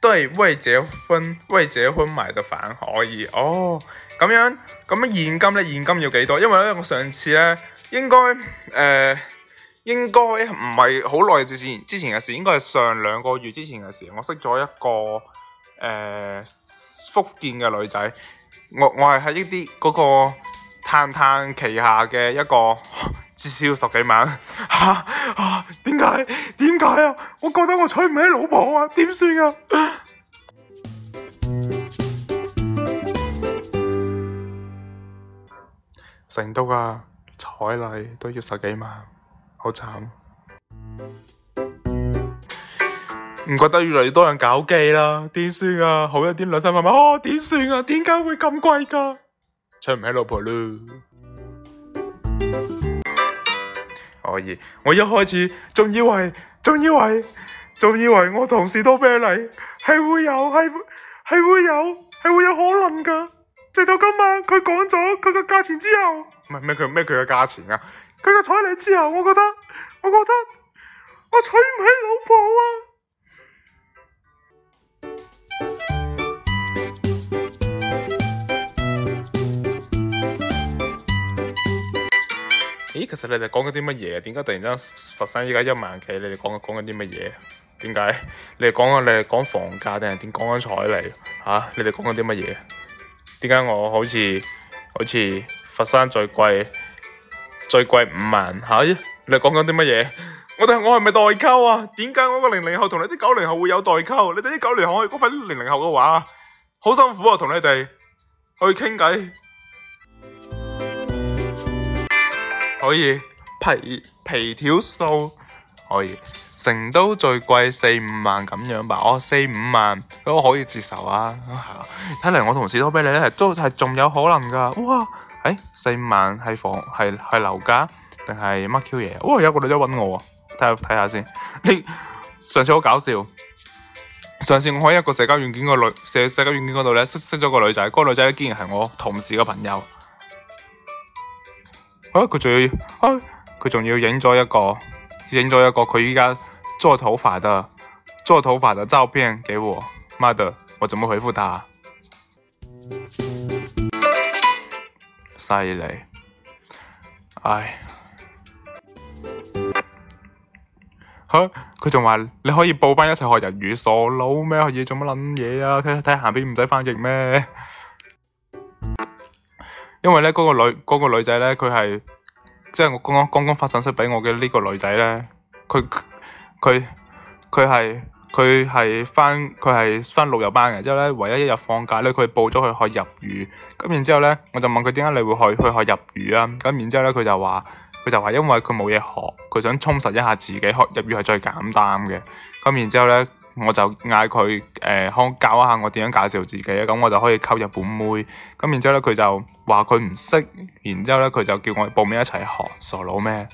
S3: 對，未結婚，未結婚買嘅房可以哦，咁樣咁樣現金咧，現金要幾多？因為咧，我上次咧應該誒。應該唔係好耐之前，之前嘅事應該係上兩個月之前嘅事。我識咗一個誒、呃、福建嘅女仔，我我係喺呢啲嗰個探探旗下嘅一個至少要十幾萬。吓，點解？點解啊？我覺得我娶唔起老婆啊，點算啊？成都啊，彩禮都要十幾萬。好慘，唔覺得越嚟越多人搞基啦？點算啊？好一啲兩三百萬，哦，點算啊？點解會咁貴噶？娶唔起老婆咯？可以，我一開始仲以為仲以為仲以為我同事多啤梨係會有係係會有係會有可能噶，直到今晚佢講咗佢個價錢之後，唔係咩佢咩佢個價錢啊？佢個彩禮之後，我覺得，我覺得，我娶唔起老婆啊！咦、欸，其實你哋講緊啲乜嘢？點解突然之間佛山依家一萬幾？你哋講講緊啲乜嘢？點解你哋講緊？你哋講房價定係點講緊彩禮？嚇！你哋講緊啲乜嘢？點解我好似好似佛山最貴？最貴五萬，吓？你講緊啲乜嘢？我哋我係咪代溝啊？點解我個零零後同你啲九零後會有代溝？你哋啲九零後可以講翻啲零零後嘅話，好辛苦啊！同你哋去傾偈，可以皮皮條數，可以成都最貴四五萬咁樣吧？哦，四五萬都可以接受啊，係啊！睇嚟我同事都俾你咧，都係仲有可能噶，哇！誒、欸，四萬係房係係樓價定係乜 Q 嘢？哇、哦，有個女仔揾我啊，睇下睇下先。你上次好搞笑，上次我喺一個社交軟件個女社社交軟件嗰度咧，識識咗個女仔，嗰個女仔竟然係我同事嘅朋友。啊，佢仲要啊，佢仲要影咗一個影咗一個佢依家做頭髮嘅做頭髮嘅照片給我，媽的，我怎麼回覆佢？犀利，唉，吓佢仲話你可以報班一齊學日語，傻佬咩嘢做乜捻嘢啊？睇睇下邊唔使翻譯咩？ 因為咧嗰、嗰個女、嗰個女仔咧，佢係即係我剛剛剛剛發信息畀我嘅呢個女仔咧，佢佢佢係。佢係翻佢係翻六日班嘅，之後咧唯一一日放假咧，佢報咗去學日語。咁然之後咧，我就問佢點解你會去去學日語啊？咁然之後咧，佢就話：佢就話因為佢冇嘢學，佢想充實一下自己。學日語係最簡單嘅。咁然之後咧，我就嗌佢誒，可、呃、教一下我點樣介紹自己啊？咁我就可以溝日本妹。咁然之後咧，佢就話佢唔識。然之後咧，佢就叫我報名一齊學，傻佬咩？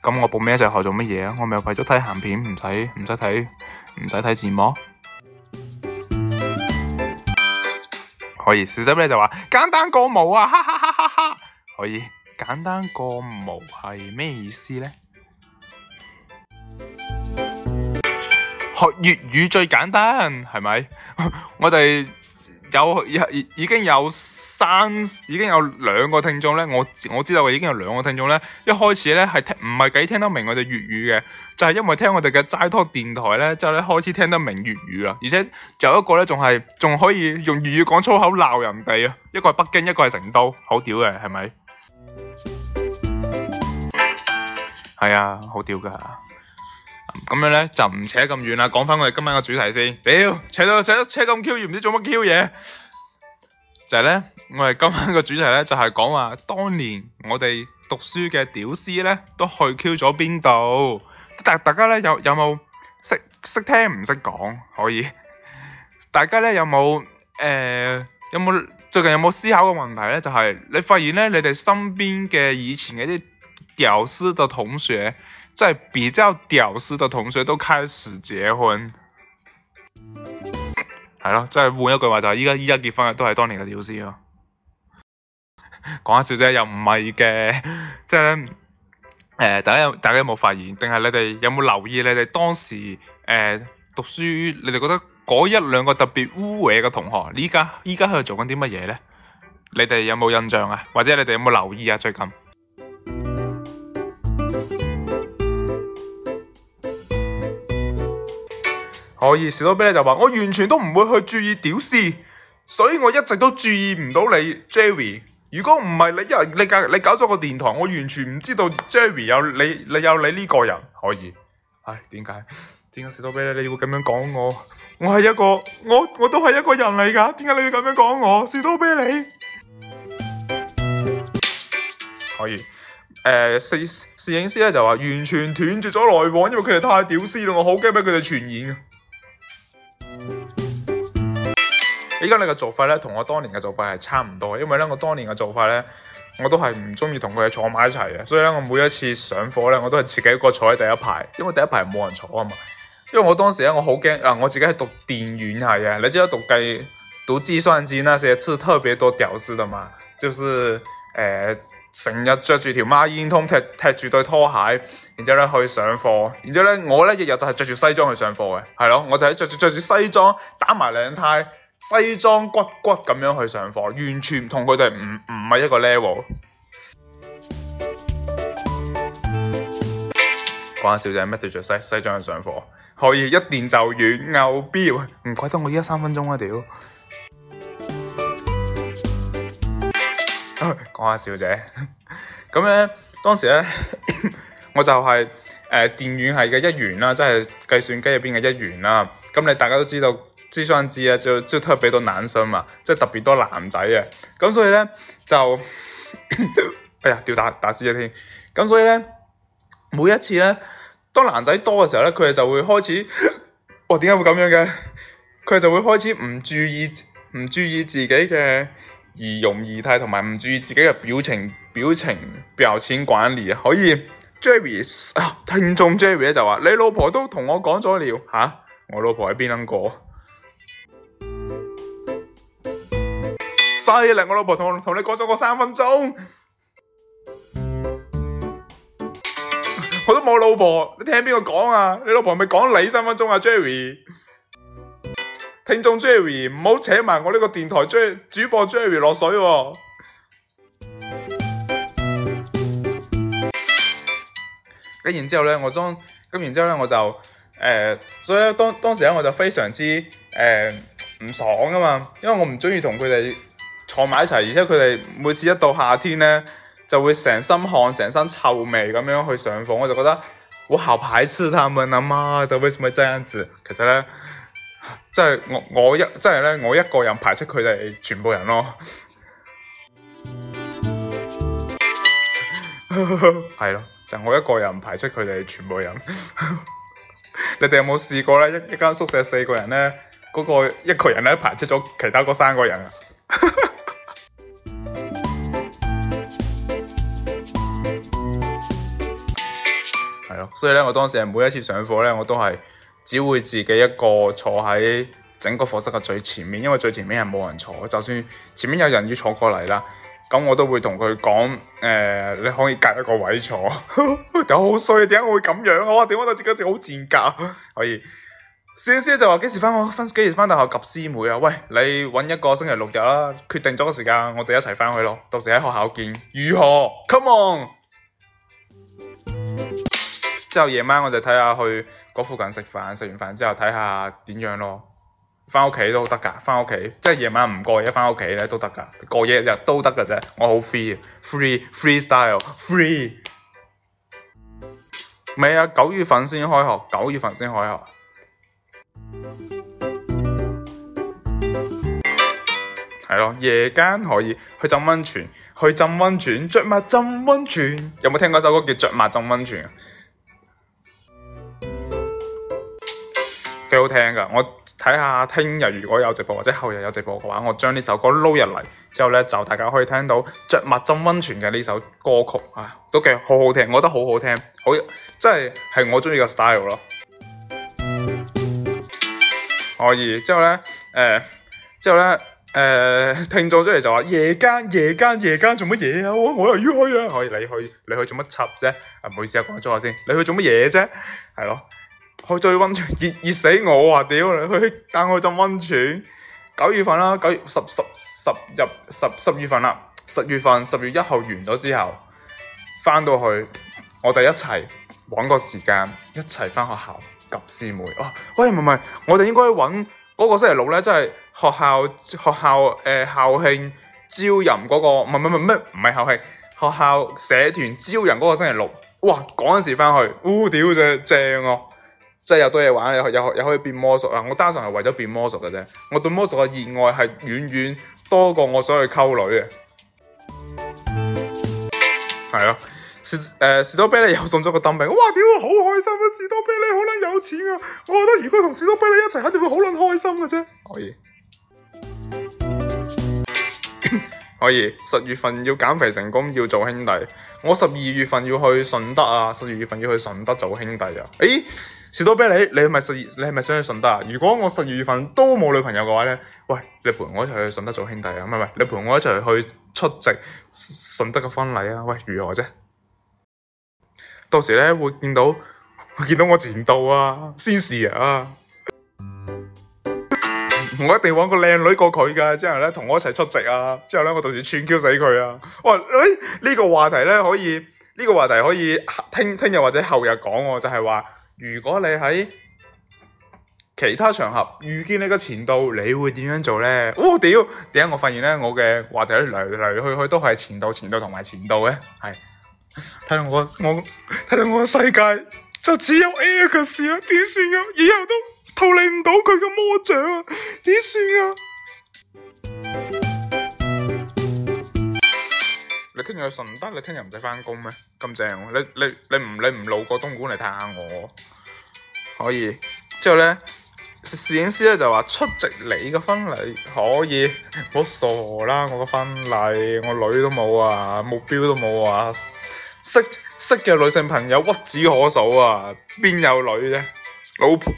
S3: 咁我報名一齊學做乜嘢啊？我咪為咗睇鹹片，唔使唔使睇。唔使睇字幕， 可以小汁咧就話簡單過冇啊，哈哈哈哈！可以簡單過冇係咩意思呢？ 學粵語最簡單係咪？ 我哋有已已經有三已經有兩個聽眾咧，我我知道嘅已經有兩個聽眾咧，一開始咧係聽唔係幾聽得明我哋粵語嘅。就係因為聽我哋嘅齋拖電台咧，之後咧開始聽得明粵語啦，而且仲有一個咧仲係仲可以用粵語講粗口鬧人哋啊！一個係北京，一個係成都，好屌嘅係咪？係啊，好屌噶！咁樣咧就唔扯咁遠啦，講翻我哋今晚嘅主題先。屌，扯到扯得扯咁 Q 遠，又唔知做乜 Q 嘢？就係咧，我哋今晚嘅主題咧就係講話當年我哋讀書嘅屌絲咧都去 Q 咗邊度？大家咧有有冇識識聽唔識講可以？ 大家咧有冇誒有冇、呃、最近有冇思考過問題咧？就係、是、你發現咧，你哋身邊嘅以前嘅啲屌絲嘅同學，即、就、係、是、比較屌絲嘅同學都開始結婚，係咯，即係換一句話就係依家依家結婚嘅都係當年嘅屌絲咯。講下笑啫，又唔係嘅，即係咧。誒、呃，大家有大家有冇發現？定係你哋有冇留意？你哋當時誒、呃、讀書，你哋覺得嗰一兩個特別污穢嘅同學，依家依家喺度做緊啲乜嘢咧？你哋有冇印象啊？或者你哋有冇留意啊？最近可以，士多啤梨就話我完全都唔會去注意屌絲，所以我一直都注意唔到你，Jerry。如果唔係你，因你，你搞咗個電台，我完全唔知道 Jerry 有你，你有你呢個人可以。唉，點解？點解士多啤梨你會咁樣講我？我係一個，我我都係一個人嚟噶。點解你要咁樣講我？士多啤梨可以。誒、呃，攝攝影師咧就話完全斷絕咗來往，因為佢哋太屌絲啦，我好驚俾佢哋傳染。而家你嘅做法咧，同我當年嘅做法係差唔多，因為咧我當年嘅做法咧，我都係唔中意同佢哋坐埋一齊嘅，所以咧我每一次上課咧，我都係自己一個坐喺第一排，因為第一排冇人坐啊嘛。因為我當時咧，我好驚啊，我自己係讀電院系嘅，你知啦，讀計讀計算機啦，成日黐特別多屌絲嘅嘛，就是誒成日着住條孖煙通踢踢住對拖鞋，然之後咧去上課，然之後咧我咧日日就係着住西裝去上課嘅，係咯，我就係着住着住西裝，打埋領呔。西裝骨骨咁樣去上課，完全同佢哋唔唔係一個 level。講下 小姐乜都着西西裝去上課，可以一電就軟，牛逼！唔 怪得我依家，三分鐘啊屌！講下 小姐，咁 呢當時呢， 我就係呃、係誒電院系嘅一員啦，即係計算機入邊嘅一員啦。咁你大家都知道。雙知啊，就就特別多男生嘛，即係特別多男仔啊，咁所以咧就， 哎呀，吊打打死咗添，咁所以咧每一次咧，當男仔多嘅時候咧，佢哋就會開始， 哇，點解會咁樣嘅？佢哋就會開始唔注意唔注意自己嘅儀容儀態，同埋唔注意自己嘅表情表情表情管理啊。可以 Javi 啊，聽眾 Javi 就話：， 你老婆都同我講咗了吓、啊，我老婆喺邊個？犀利！我老婆同同你講咗我三分鐘， 我都冇老婆，你聽邊個講啊？你老婆咪講你三分鐘啊，Jerry！ 聽眾 Jerry 唔好扯埋我呢個電台 erry, 主播 Jerry 落水喎，哦。然之後咧，我當咁然之後咧，我就誒、呃，所以當當時咧，我就非常之誒唔爽噶嘛，因為我唔中意同佢哋。坐埋一齊，而且佢哋每次一到夏天呢，就會成身汗、成身臭味咁樣去上課，我就覺得我好排斥他們阿、啊、媽。到底點解這樣子？其實呢，即係我我一即係咧，我一個人排出佢哋全部人咯。係 咯，就是、我一個人排出佢哋全部人。 你哋有冇試過呢？一一間宿舍四個人呢，嗰、那個一個人呢，排出咗其他嗰三個人啊？ 所以咧，我當時係每一次上課咧，我都係只會自己一個坐喺整個課室嘅最前面，因為最前面係冇人坐。就算前面有人要坐過嚟啦，咁我都會同佢講：誒、呃，你可以隔一個位坐。 好衰，點解會咁樣啊？點解對自己而家好似好賤格？ 可以笑笑就話幾時翻我翻幾時翻大學及師妹啊？喂，你揾一個星期六日啦，決定咗個時間，我哋一齊翻去咯。到時喺學校見，如何？Come on！之後夜晚我就睇下去嗰附近食飯，食完飯之後睇下點樣咯。翻屋企都得噶，翻屋企即係夜晚唔過夜翻屋企咧都得噶，過夜日都得噶啫。我好 free，free，freestyle，free。未啊，九月份先開學，九月份先開學。係咯，夜間可以去浸溫泉，去浸溫泉，着襪浸溫泉。有冇聽過首歌叫着襪浸溫泉啊？幾好聽㗎，我睇下聽日如果有直播或者後日有直播嘅話，我將呢首歌撈入嚟之後咧，就大家可以聽到着墨浸溫泉嘅呢首歌曲啊，都幾好好聽，我覺得好好聽，好即係係我中意嘅 style 咯。 可以，之後咧，誒、呃，之後咧，誒、呃，聽眾出嚟就話 夜間、夜間、夜間做乜嘢啊？我又要去啊，可以你去你去做乜柒啫？唔、啊、好意思啊，講錯咗先下，你去做乜嘢啫？係咯。去最溫泉熱，熱死我啊！屌你，帶我去浸溫泉。九月份啦，九月十十十月份啦，十月份十月一號完咗之後，返到去我哋一齊揾個時間一齊返學校夾師妹。哦，喂唔係，我哋應該揾嗰個星期六咧，即係學校學校誒、呃、校慶招人嗰、嗰個，唔係唔係唔咩唔係校慶學校社團招人嗰個星期六。哇！嗰陣時返去，烏屌真正哦～即係有多嘢玩，又又可以變魔術啊！我單純係為咗變魔術嘅啫，我對魔術嘅熱愛係遠遠多過我想去溝女嘅。係咯，士 誒樂、呃、士多啤梨又送咗個燈餅，哇！屌，我好開心啊！士多啤梨好捻有錢啊！我覺得如果同士多啤梨一齊，肯定會好捻開心嘅、啊、啫。可以， 可以。十月份要減肥成功，要做兄弟。我十二月份要去順德啊！十二月份要去順德做兄弟啊！誒、欸。士多啤梨，你係咪十二？你係咪想去順德啊？如果我十二月份都冇女朋友嘅話咧，喂，你陪我一齊去順德做兄弟啊？唔係唔係，你陪我一齊去出席順德嘅婚禮啊？喂，如何啫？到時咧會見到會見到我前度啊，先試啊！ 我一定揾個靚女過佢噶，之後咧同我一齊出席啊，之後咧我到時串 Q 死佢啊！喂，呢、欸呢個話題咧可以，呢、呢個話題可以聽聽日或者後日講喎，就係、是、話。如果你喺其他場合遇見你嘅前度，你會點樣做咧？我屌！點解我發現咧，我嘅話題嚟嚟去去，去去都係前度、前度同埋前度咧？係睇到我我睇到我嘅世界就只有 Alex 啊？點算啊？以後都逃離唔到佢嘅魔掌啊？點算啊？你聽日去順德，你聽日唔使翻工咩？咁正，你你你唔你唔路過東莞嚟睇下我？可以。之後咧，攝影師咧就話出席你嘅婚禮可以。冇傻啦，我個婚禮我女都冇啊，目標都冇啊，識識嘅女性朋友屈指可數啊，邊有女啫？老婆。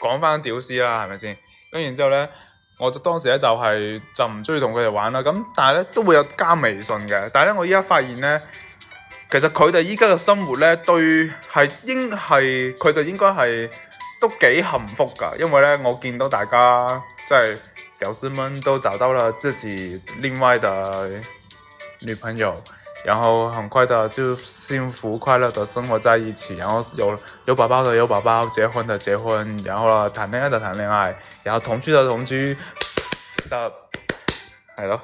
S3: 講翻屌絲啦，係咪先？跟然之後咧。我就當時咧就係，是，就唔中意同佢哋玩啦，咁但係咧都會有加微信嘅，但係咧我而家發現咧，其實佢哋依家嘅生活咧對，係，應係佢哋應該係都幾幸福㗎，因為咧我見到大家即係屌絲哋都找到了自己另外的女朋友。然後很快的就幸福快樂的生活在一起，然後有有寶寶的有寶寶，結婚的結婚，然後呢談戀愛的談戀愛，然後同居的同居，的，係咯。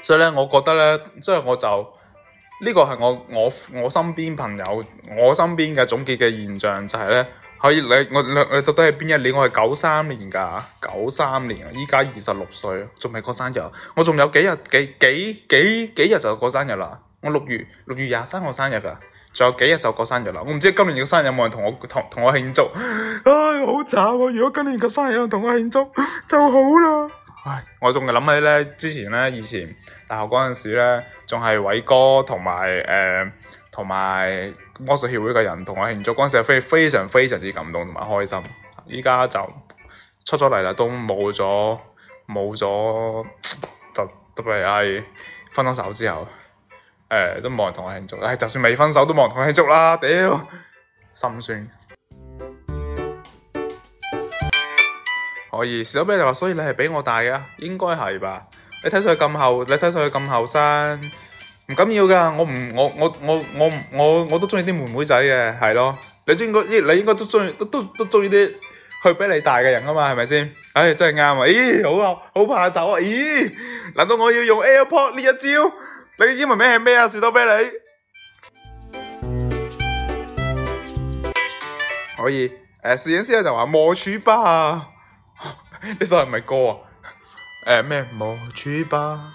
S3: 所以呢，我覺得呢，所以我就呢、呢個係我我我身邊朋友我身邊嘅總結嘅現象就係呢。可以你我你到底係邊一年？我係九三年噶，九三年啊，依家二十六歲，仲未過生日。我仲有幾日幾幾幾幾日就過生日啦。我六月六月廿三號生日噶，仲有幾日就過生日啦。我唔知今年嘅生日有冇人同我同同我慶祝。唉，哎，好慘啊。如果今年嘅生日有同我慶祝
S5: 就好啦。
S3: 唉，我仲係諗起咧，之前咧，以前大學嗰陣時咧，仲係偉哥同埋誒。呃同埋魔術協會嘅人同我慶祝嗰陣時，非非常非常之感動同埋開心。依家就出咗嚟啦，都冇咗冇咗，就特別係分咗手之後，誒、哎、都冇人同我慶祝。唉、哎，就算未分手都冇人同我慶祝啦，屌， 心酸。可以，小 B 你話，所以你係比我大嘅，應該係吧？你睇上去咁後，你睇上去咁後生。唔緊要噶我唔我我我我我我都中意啲妹妹仔嘅，係咯，你應該你你應該都中意都都都中意啲佢比你大嘅人啊嘛，係咪先？唉、哎，真係啱、哎、啊！咦，好啊，好怕醜啊！咦，難道我要用 AirPod 呢一招？你的英文名係咩啊？士多啤梨可以誒，攝影師就話莫殊吧，呢首係咪歌啊？誒咩莫殊吧？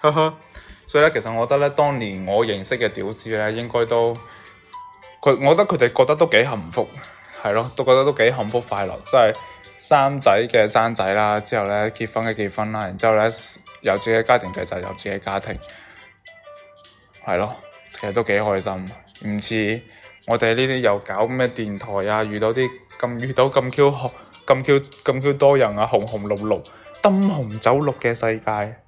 S3: 呵呵， 所以呢，其實我覺得呢，當年我認識嘅屌絲呢，應該都佢，我覺得佢哋覺得都幾幸福，係咯，都覺得都幾幸福快樂，即係生仔嘅生仔啦，之後呢，結婚嘅結婚啦，然之後呢，有自己嘅家庭其實，有自己嘅家庭，係咯，其實都幾開心，唔似我哋呢啲又搞咩電台啊，遇到啲咁遇到咁 Q，咁 Q 咁 Q 多人啊，紅紅綠綠，燈紅酒綠嘅世界。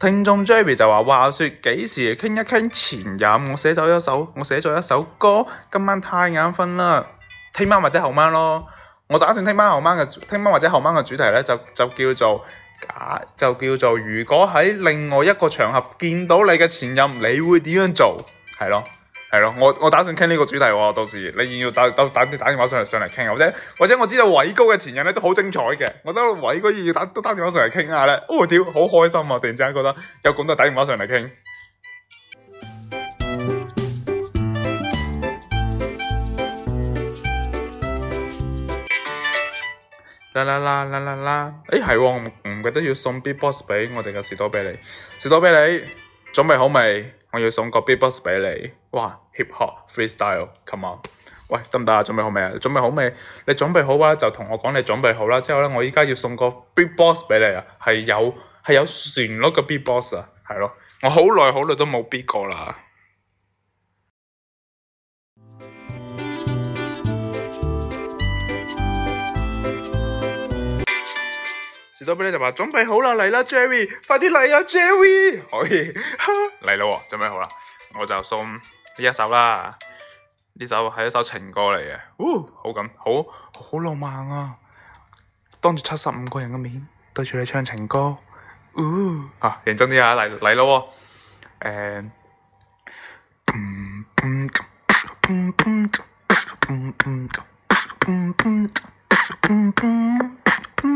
S3: 聽眾 Jubby、er、就話：話說幾時傾一傾前任？我寫咗一首，我寫咗一首歌。今晚太眼瞓啦，聽晚或者後晚咯。我打算聽晚後晚嘅，聽晚或者後晚嘅主題咧，就就叫做，假就叫做如果喺另外一個場合見到你嘅前任，你會點樣做？係咯。係咯，我打算傾呢個主題。哦，我到時你要打打打，打電話上嚟上嚟傾，或者或者我知道偉高嘅前任咧都好精彩嘅，我都偉高要打都打電話上嚟傾下咧。哦屌，好，啊，開心啊！突然之間覺得有咁多打電話上嚟傾，啦啦啦啦啦啦，誒、欸，係喎，我唔唔記得都要送 Big Box 俾我哋嘅士多啤梨，士多啤梨。準備好未？我要送個 Beatbox 畀你。哇！Hip Hop Freestyle，Come on！喂，得唔得啊？準備好未啊？準備好未？你準備好啦，就同我講你準備好啦。之後咧，我而家要送個 Beatbox 畀你啊。係有係有旋律嘅 Beatbox 啊，係咯。我好耐好耐都冇 beat 過啦。就話準備好啦，嚟啦 Jerry，快啲嚟啊 Jerry，可以，嚟咯，準備好啦、啊 啊，我就送呢一首啦，呢首係一首情歌嚟嘅，嗚、哦，好咁，好好浪漫啊，當住七十五個人嘅面對住你唱情歌，嗚、哦，吓、啊，認真啲啊，嚟嚟咯，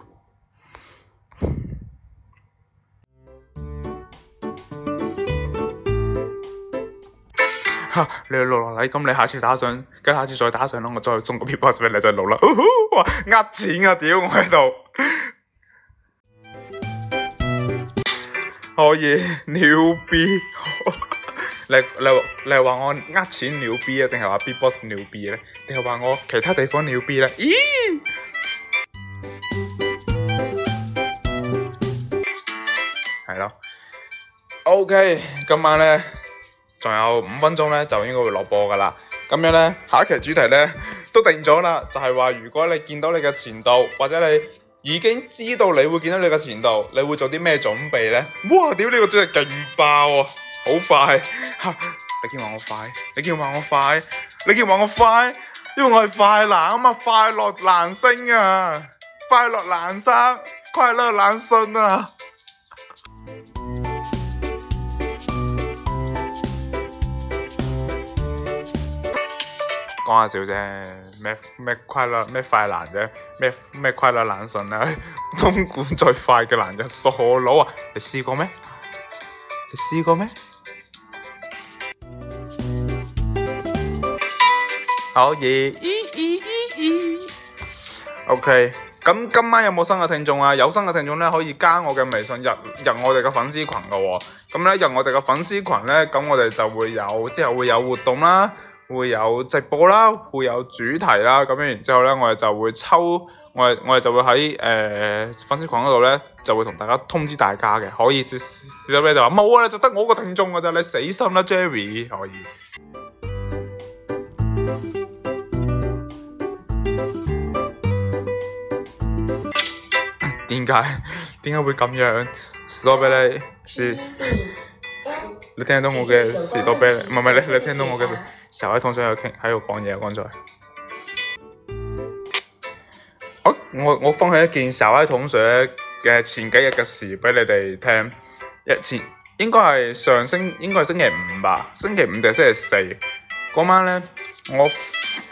S3: 吓，你落落嚟，咁你下次打賞，跟住下次再打賞咯，我再送個 B box 俾你再落啦。哇，呃錢啊，屌我喺度，可以牛逼，你你你係話我呃錢牛逼啊，定係話 B box 牛逼咧，定係話我其他地方牛逼咧？咦，係咯，OK，今晚咧。仲有五分鐘咧就應該會落播噶啦，咁樣咧下一期主題咧都定咗啦，就係、是、話如果你見到你嘅前度，或者你已經知道你會見到你嘅前度，你會做啲咩準備咧？哇！屌，呢個主題勁爆啊！好快，你竟然話我快，你竟然話我快，你竟然話我快，因為我係快男啊嘛，快樂男聲啊，快樂男聲、啊，快樂男聲啊！ 講下笑啫，咩咩快樂咩快男啫，咩咩快樂男神啊！東莞最快嘅男人傻佬啊！你試過咩？你試過咩？好耶！OK，咁今晚有冇新嘅聽眾啊？有新嘅聽眾咧，可以加我嘅微信入入我哋嘅粉絲群噶。咁咧入我哋嘅粉絲群咧，咁我哋就會有之後會有活動啦。會有直播啦，會有主題啦，咁樣然之後咧，我哋就會抽，我哋我哋就會喺誒粉絲群嗰度咧，就會同大家通知大家嘅，可以試多俾你話冇啊，就得我個聽眾噶咋，你死心啦，Jerry 可以。點解？點 解樂會咁樣試多俾你，試。 你聽到我嘅士多啤梨，唔係唔係你你聽到我嘅傻閪同水喺度喺度講嘢啊！剛才、啊、我我我分享一件傻閪同水嘅前幾日嘅事畀你哋聽。日前應該係上星，應該係星期五吧？星期五定係星，星期四嗰晚咧，我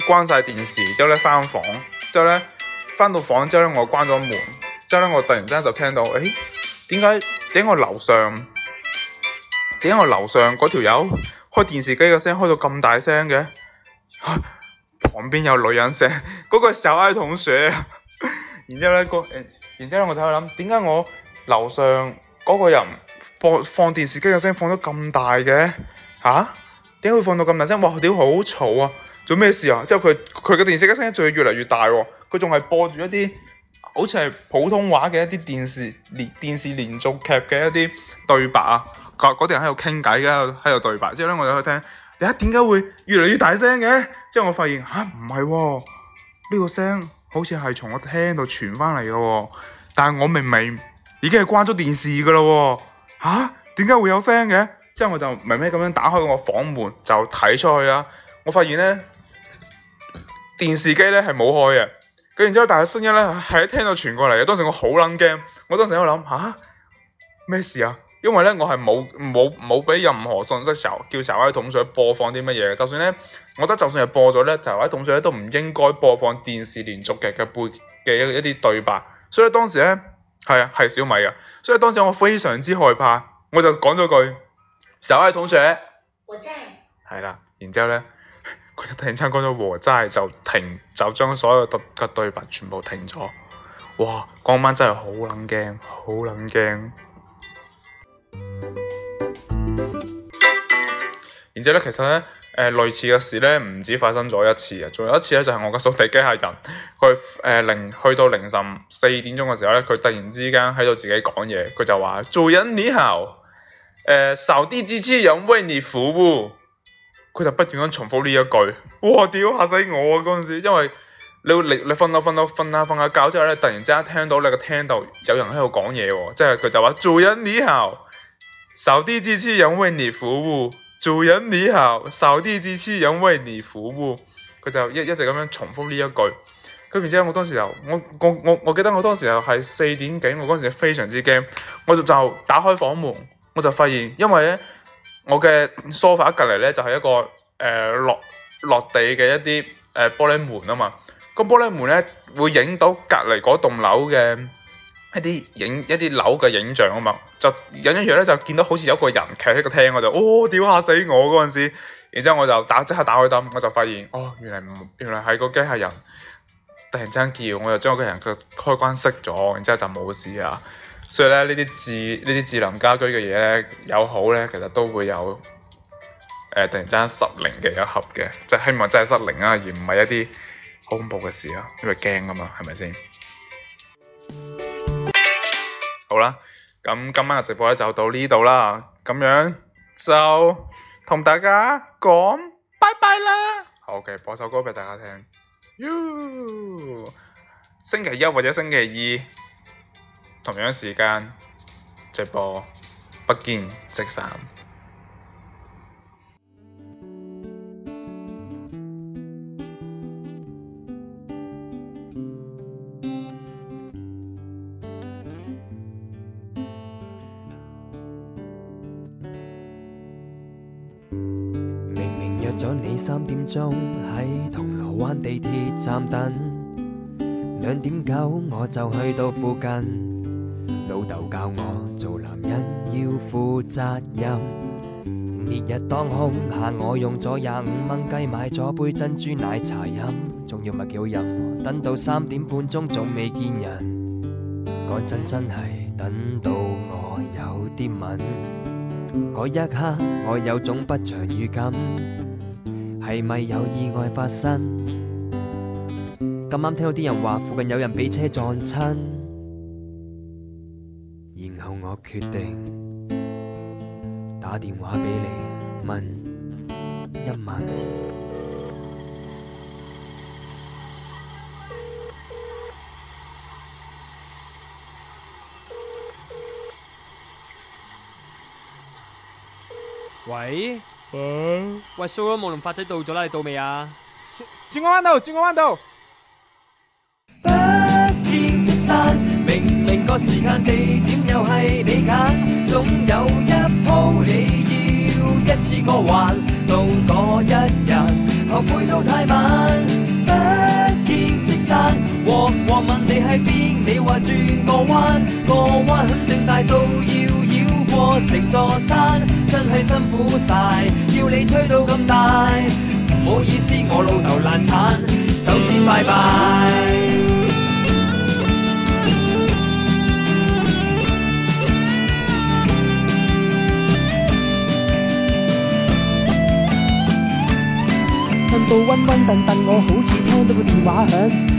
S3: 關晒電視之後咧，返房之後咧，返到房之後咧，我關咗門之後咧，我突然之間就聽到，誒點解，點解我樓上？點解我樓上嗰條友開電視機嘅聲開到咁大聲嘅？ 旁邊有女人聲， 嗰、那個小愛同學。然之後咧，個誒，然之後咧，我就喺度諗，點解我樓上嗰個人播放，放電視機嘅聲放得咁大嘅？吓、啊，點解會放到咁大聲？哇，屌好嘈啊！做咩事啊？之後佢佢嘅電視機聲音，仲越嚟越大喎，啊。佢仲係播住一啲好似係普通話嘅一啲電電視連電視連續劇嘅一啲對白啊。嗰啲人喺度傾偈嘅，喺度對白。之後呢，我就去聽，啊，點解會越嚟越大聲嘅？之後我發現吓唔係，呢、啊哦這個聲好似係從我廳度傳翻嚟嘅。但係我明明已經係關咗電視噶啦、哦，吓點解會有聲嘅？之後我就明明咁樣打開我房門就睇出去啦。我發現呢，電視機呢係冇開嘅，咁然之後但係聲音呢係喺廳度傳過嚟嘅。當時我好撚驚，我當時喺度諗吓咩事啊？因為咧，我係冇冇冇俾任何信息時候，叫小愛同學播放啲乜嘢。就算咧，我覺得就算係播咗咧，小愛同學咧都唔應該播放電視連續劇嘅背嘅一啲對白。所以當時咧，係啊係小米啊。所以當時我非常之害怕，我就講咗句小愛同學，我在係啦。然之後咧，佢突然之間講咗我在，真就停就將所有特嘅對白全部停咗。哇！嗰晚真係好卵驚，好卵驚。然之後其實呢，誒，類似嘅事呢，唔止發生咗一次啊。仲有一次呢，就係我嘅掃地機械人，佢誒，零去到凌晨四點鐘嘅時候呢，佢突然之間喺度自己講嘢，佢就話主人你好，誒，掃地機器人為你服務。佢 就不斷咁重複呢一句，哇屌嚇死我啊！嗰陣時，因為你你你瞓到瞓到瞓下瞓下覺之後呢，突然之間聽到你個廳度有人喺度講嘢，即係佢就話主人你好，掃地機器人為你服務。 主人你好，掃地機器人為你服務。佢、嗯、就一一直咁樣重複呢一句。佢然之後，我當時又我我我我記得我當時又係四點幾，我嗰時非常之驚，我就就打開房門，我就發現，因為咧我嘅梳化隔籬咧就係、是、一個誒、呃、落落地嘅一啲誒、呃、玻璃門啊嘛，個玻璃門咧會影到隔籬嗰棟樓嘅。一啲影一啲樓嘅影像啊嘛，就隱隱約咧就見到好似有個人企喺個廳度，我就哦，屌吓死我嗰陣時，然之後我就打即刻打開燈，我就發現，哦，原嚟原嚟係個機械人突然間叫，我就將個人嘅開關熄咗，然之後就冇事啦。所以咧呢啲智呢啲智能家居嘅嘢咧有好咧，其實都會有誒、呃、突然間失靈嘅一盒嘅，即、就、係、是、希望真係失靈啊，而唔係一啲好恐怖嘅事啊，因為驚啊嘛，係咪先？好啦，咁今晚嘅直播咧，就到呢度啦，咁樣就同大家講拜拜啦。 OK，播首歌畀大家聽。喲， 星期一或者星期二，同樣時間直播，不見即散。
S6: 中喺銅鑼灣地鐵站等，兩點九我就去到附近。老豆教我做男人要負責任，烈日當空下，我用咗廿五蚊雞買咗杯珍珠奶茶飲，仲要唔幾好飲。等到三點半鐘，仲未見人，嗰陣真係等到我有啲悶，嗰一刻我有種不祥預感。係咪有意外發生？咁啱聽到啲人話附近有人俾車撞親，然後我決定打電話俾你問一問。喂？喂，數咯，無龍發仔到咗啦，你到未啊？轉個彎道，轉個彎道。我成座山真係辛苦晒，要你吹到咁大，唔好意思，我老豆爛產，就算拜拜。
S2: 瞓到溫溫燉燉，我好似聽到個電話響，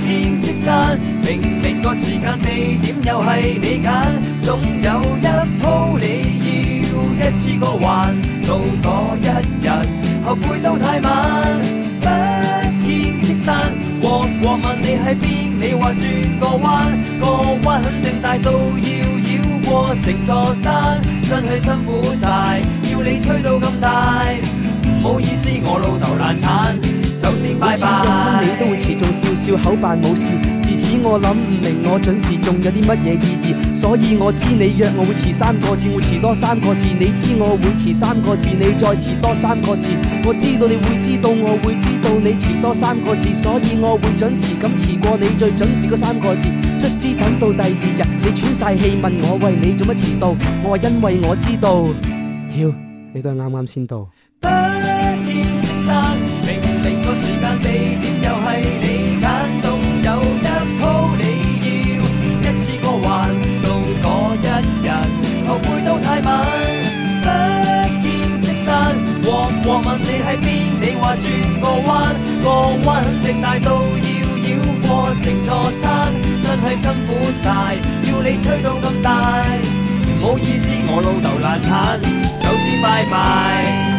S6: 天即山，明明個時間地點又係你揀，總有一鋪你要一次過還到嗰一日，後悔都太晚。不天即山，我我問你喺邊，你話轉個彎，個彎肯定大到要繞過成座山，真係辛苦晒，要你吹到咁大，唔好意思，我老豆爛慘。有時每次，約親你都會遲，仲笑笑口扮冇事。自此我諗唔明，我準時仲有啲乜嘢意義？所以我知你約我會遲三個字，會遲多三個字。你知我會遲三個字，你再遲多三個字。我知道你會知道，我會知道你遲多三個字，所以我會準時咁遲過你最準時嗰三個字。卒之等到第二日，你喘晒氣問我為：喂你做乜遲到？我話因為我知道。
S7: 調，你都係啱
S2: 啱先到。
S6: 個時間地點又係你揀，仲有一鋪你要一次過還到我一人，後悔都太晚。不見即散，惶惶問你喺邊，你話轉個彎，個彎定大到要繞過成座山，真係辛苦晒。要你吹到咁大，唔好意思，我老豆爛產，就先拜拜。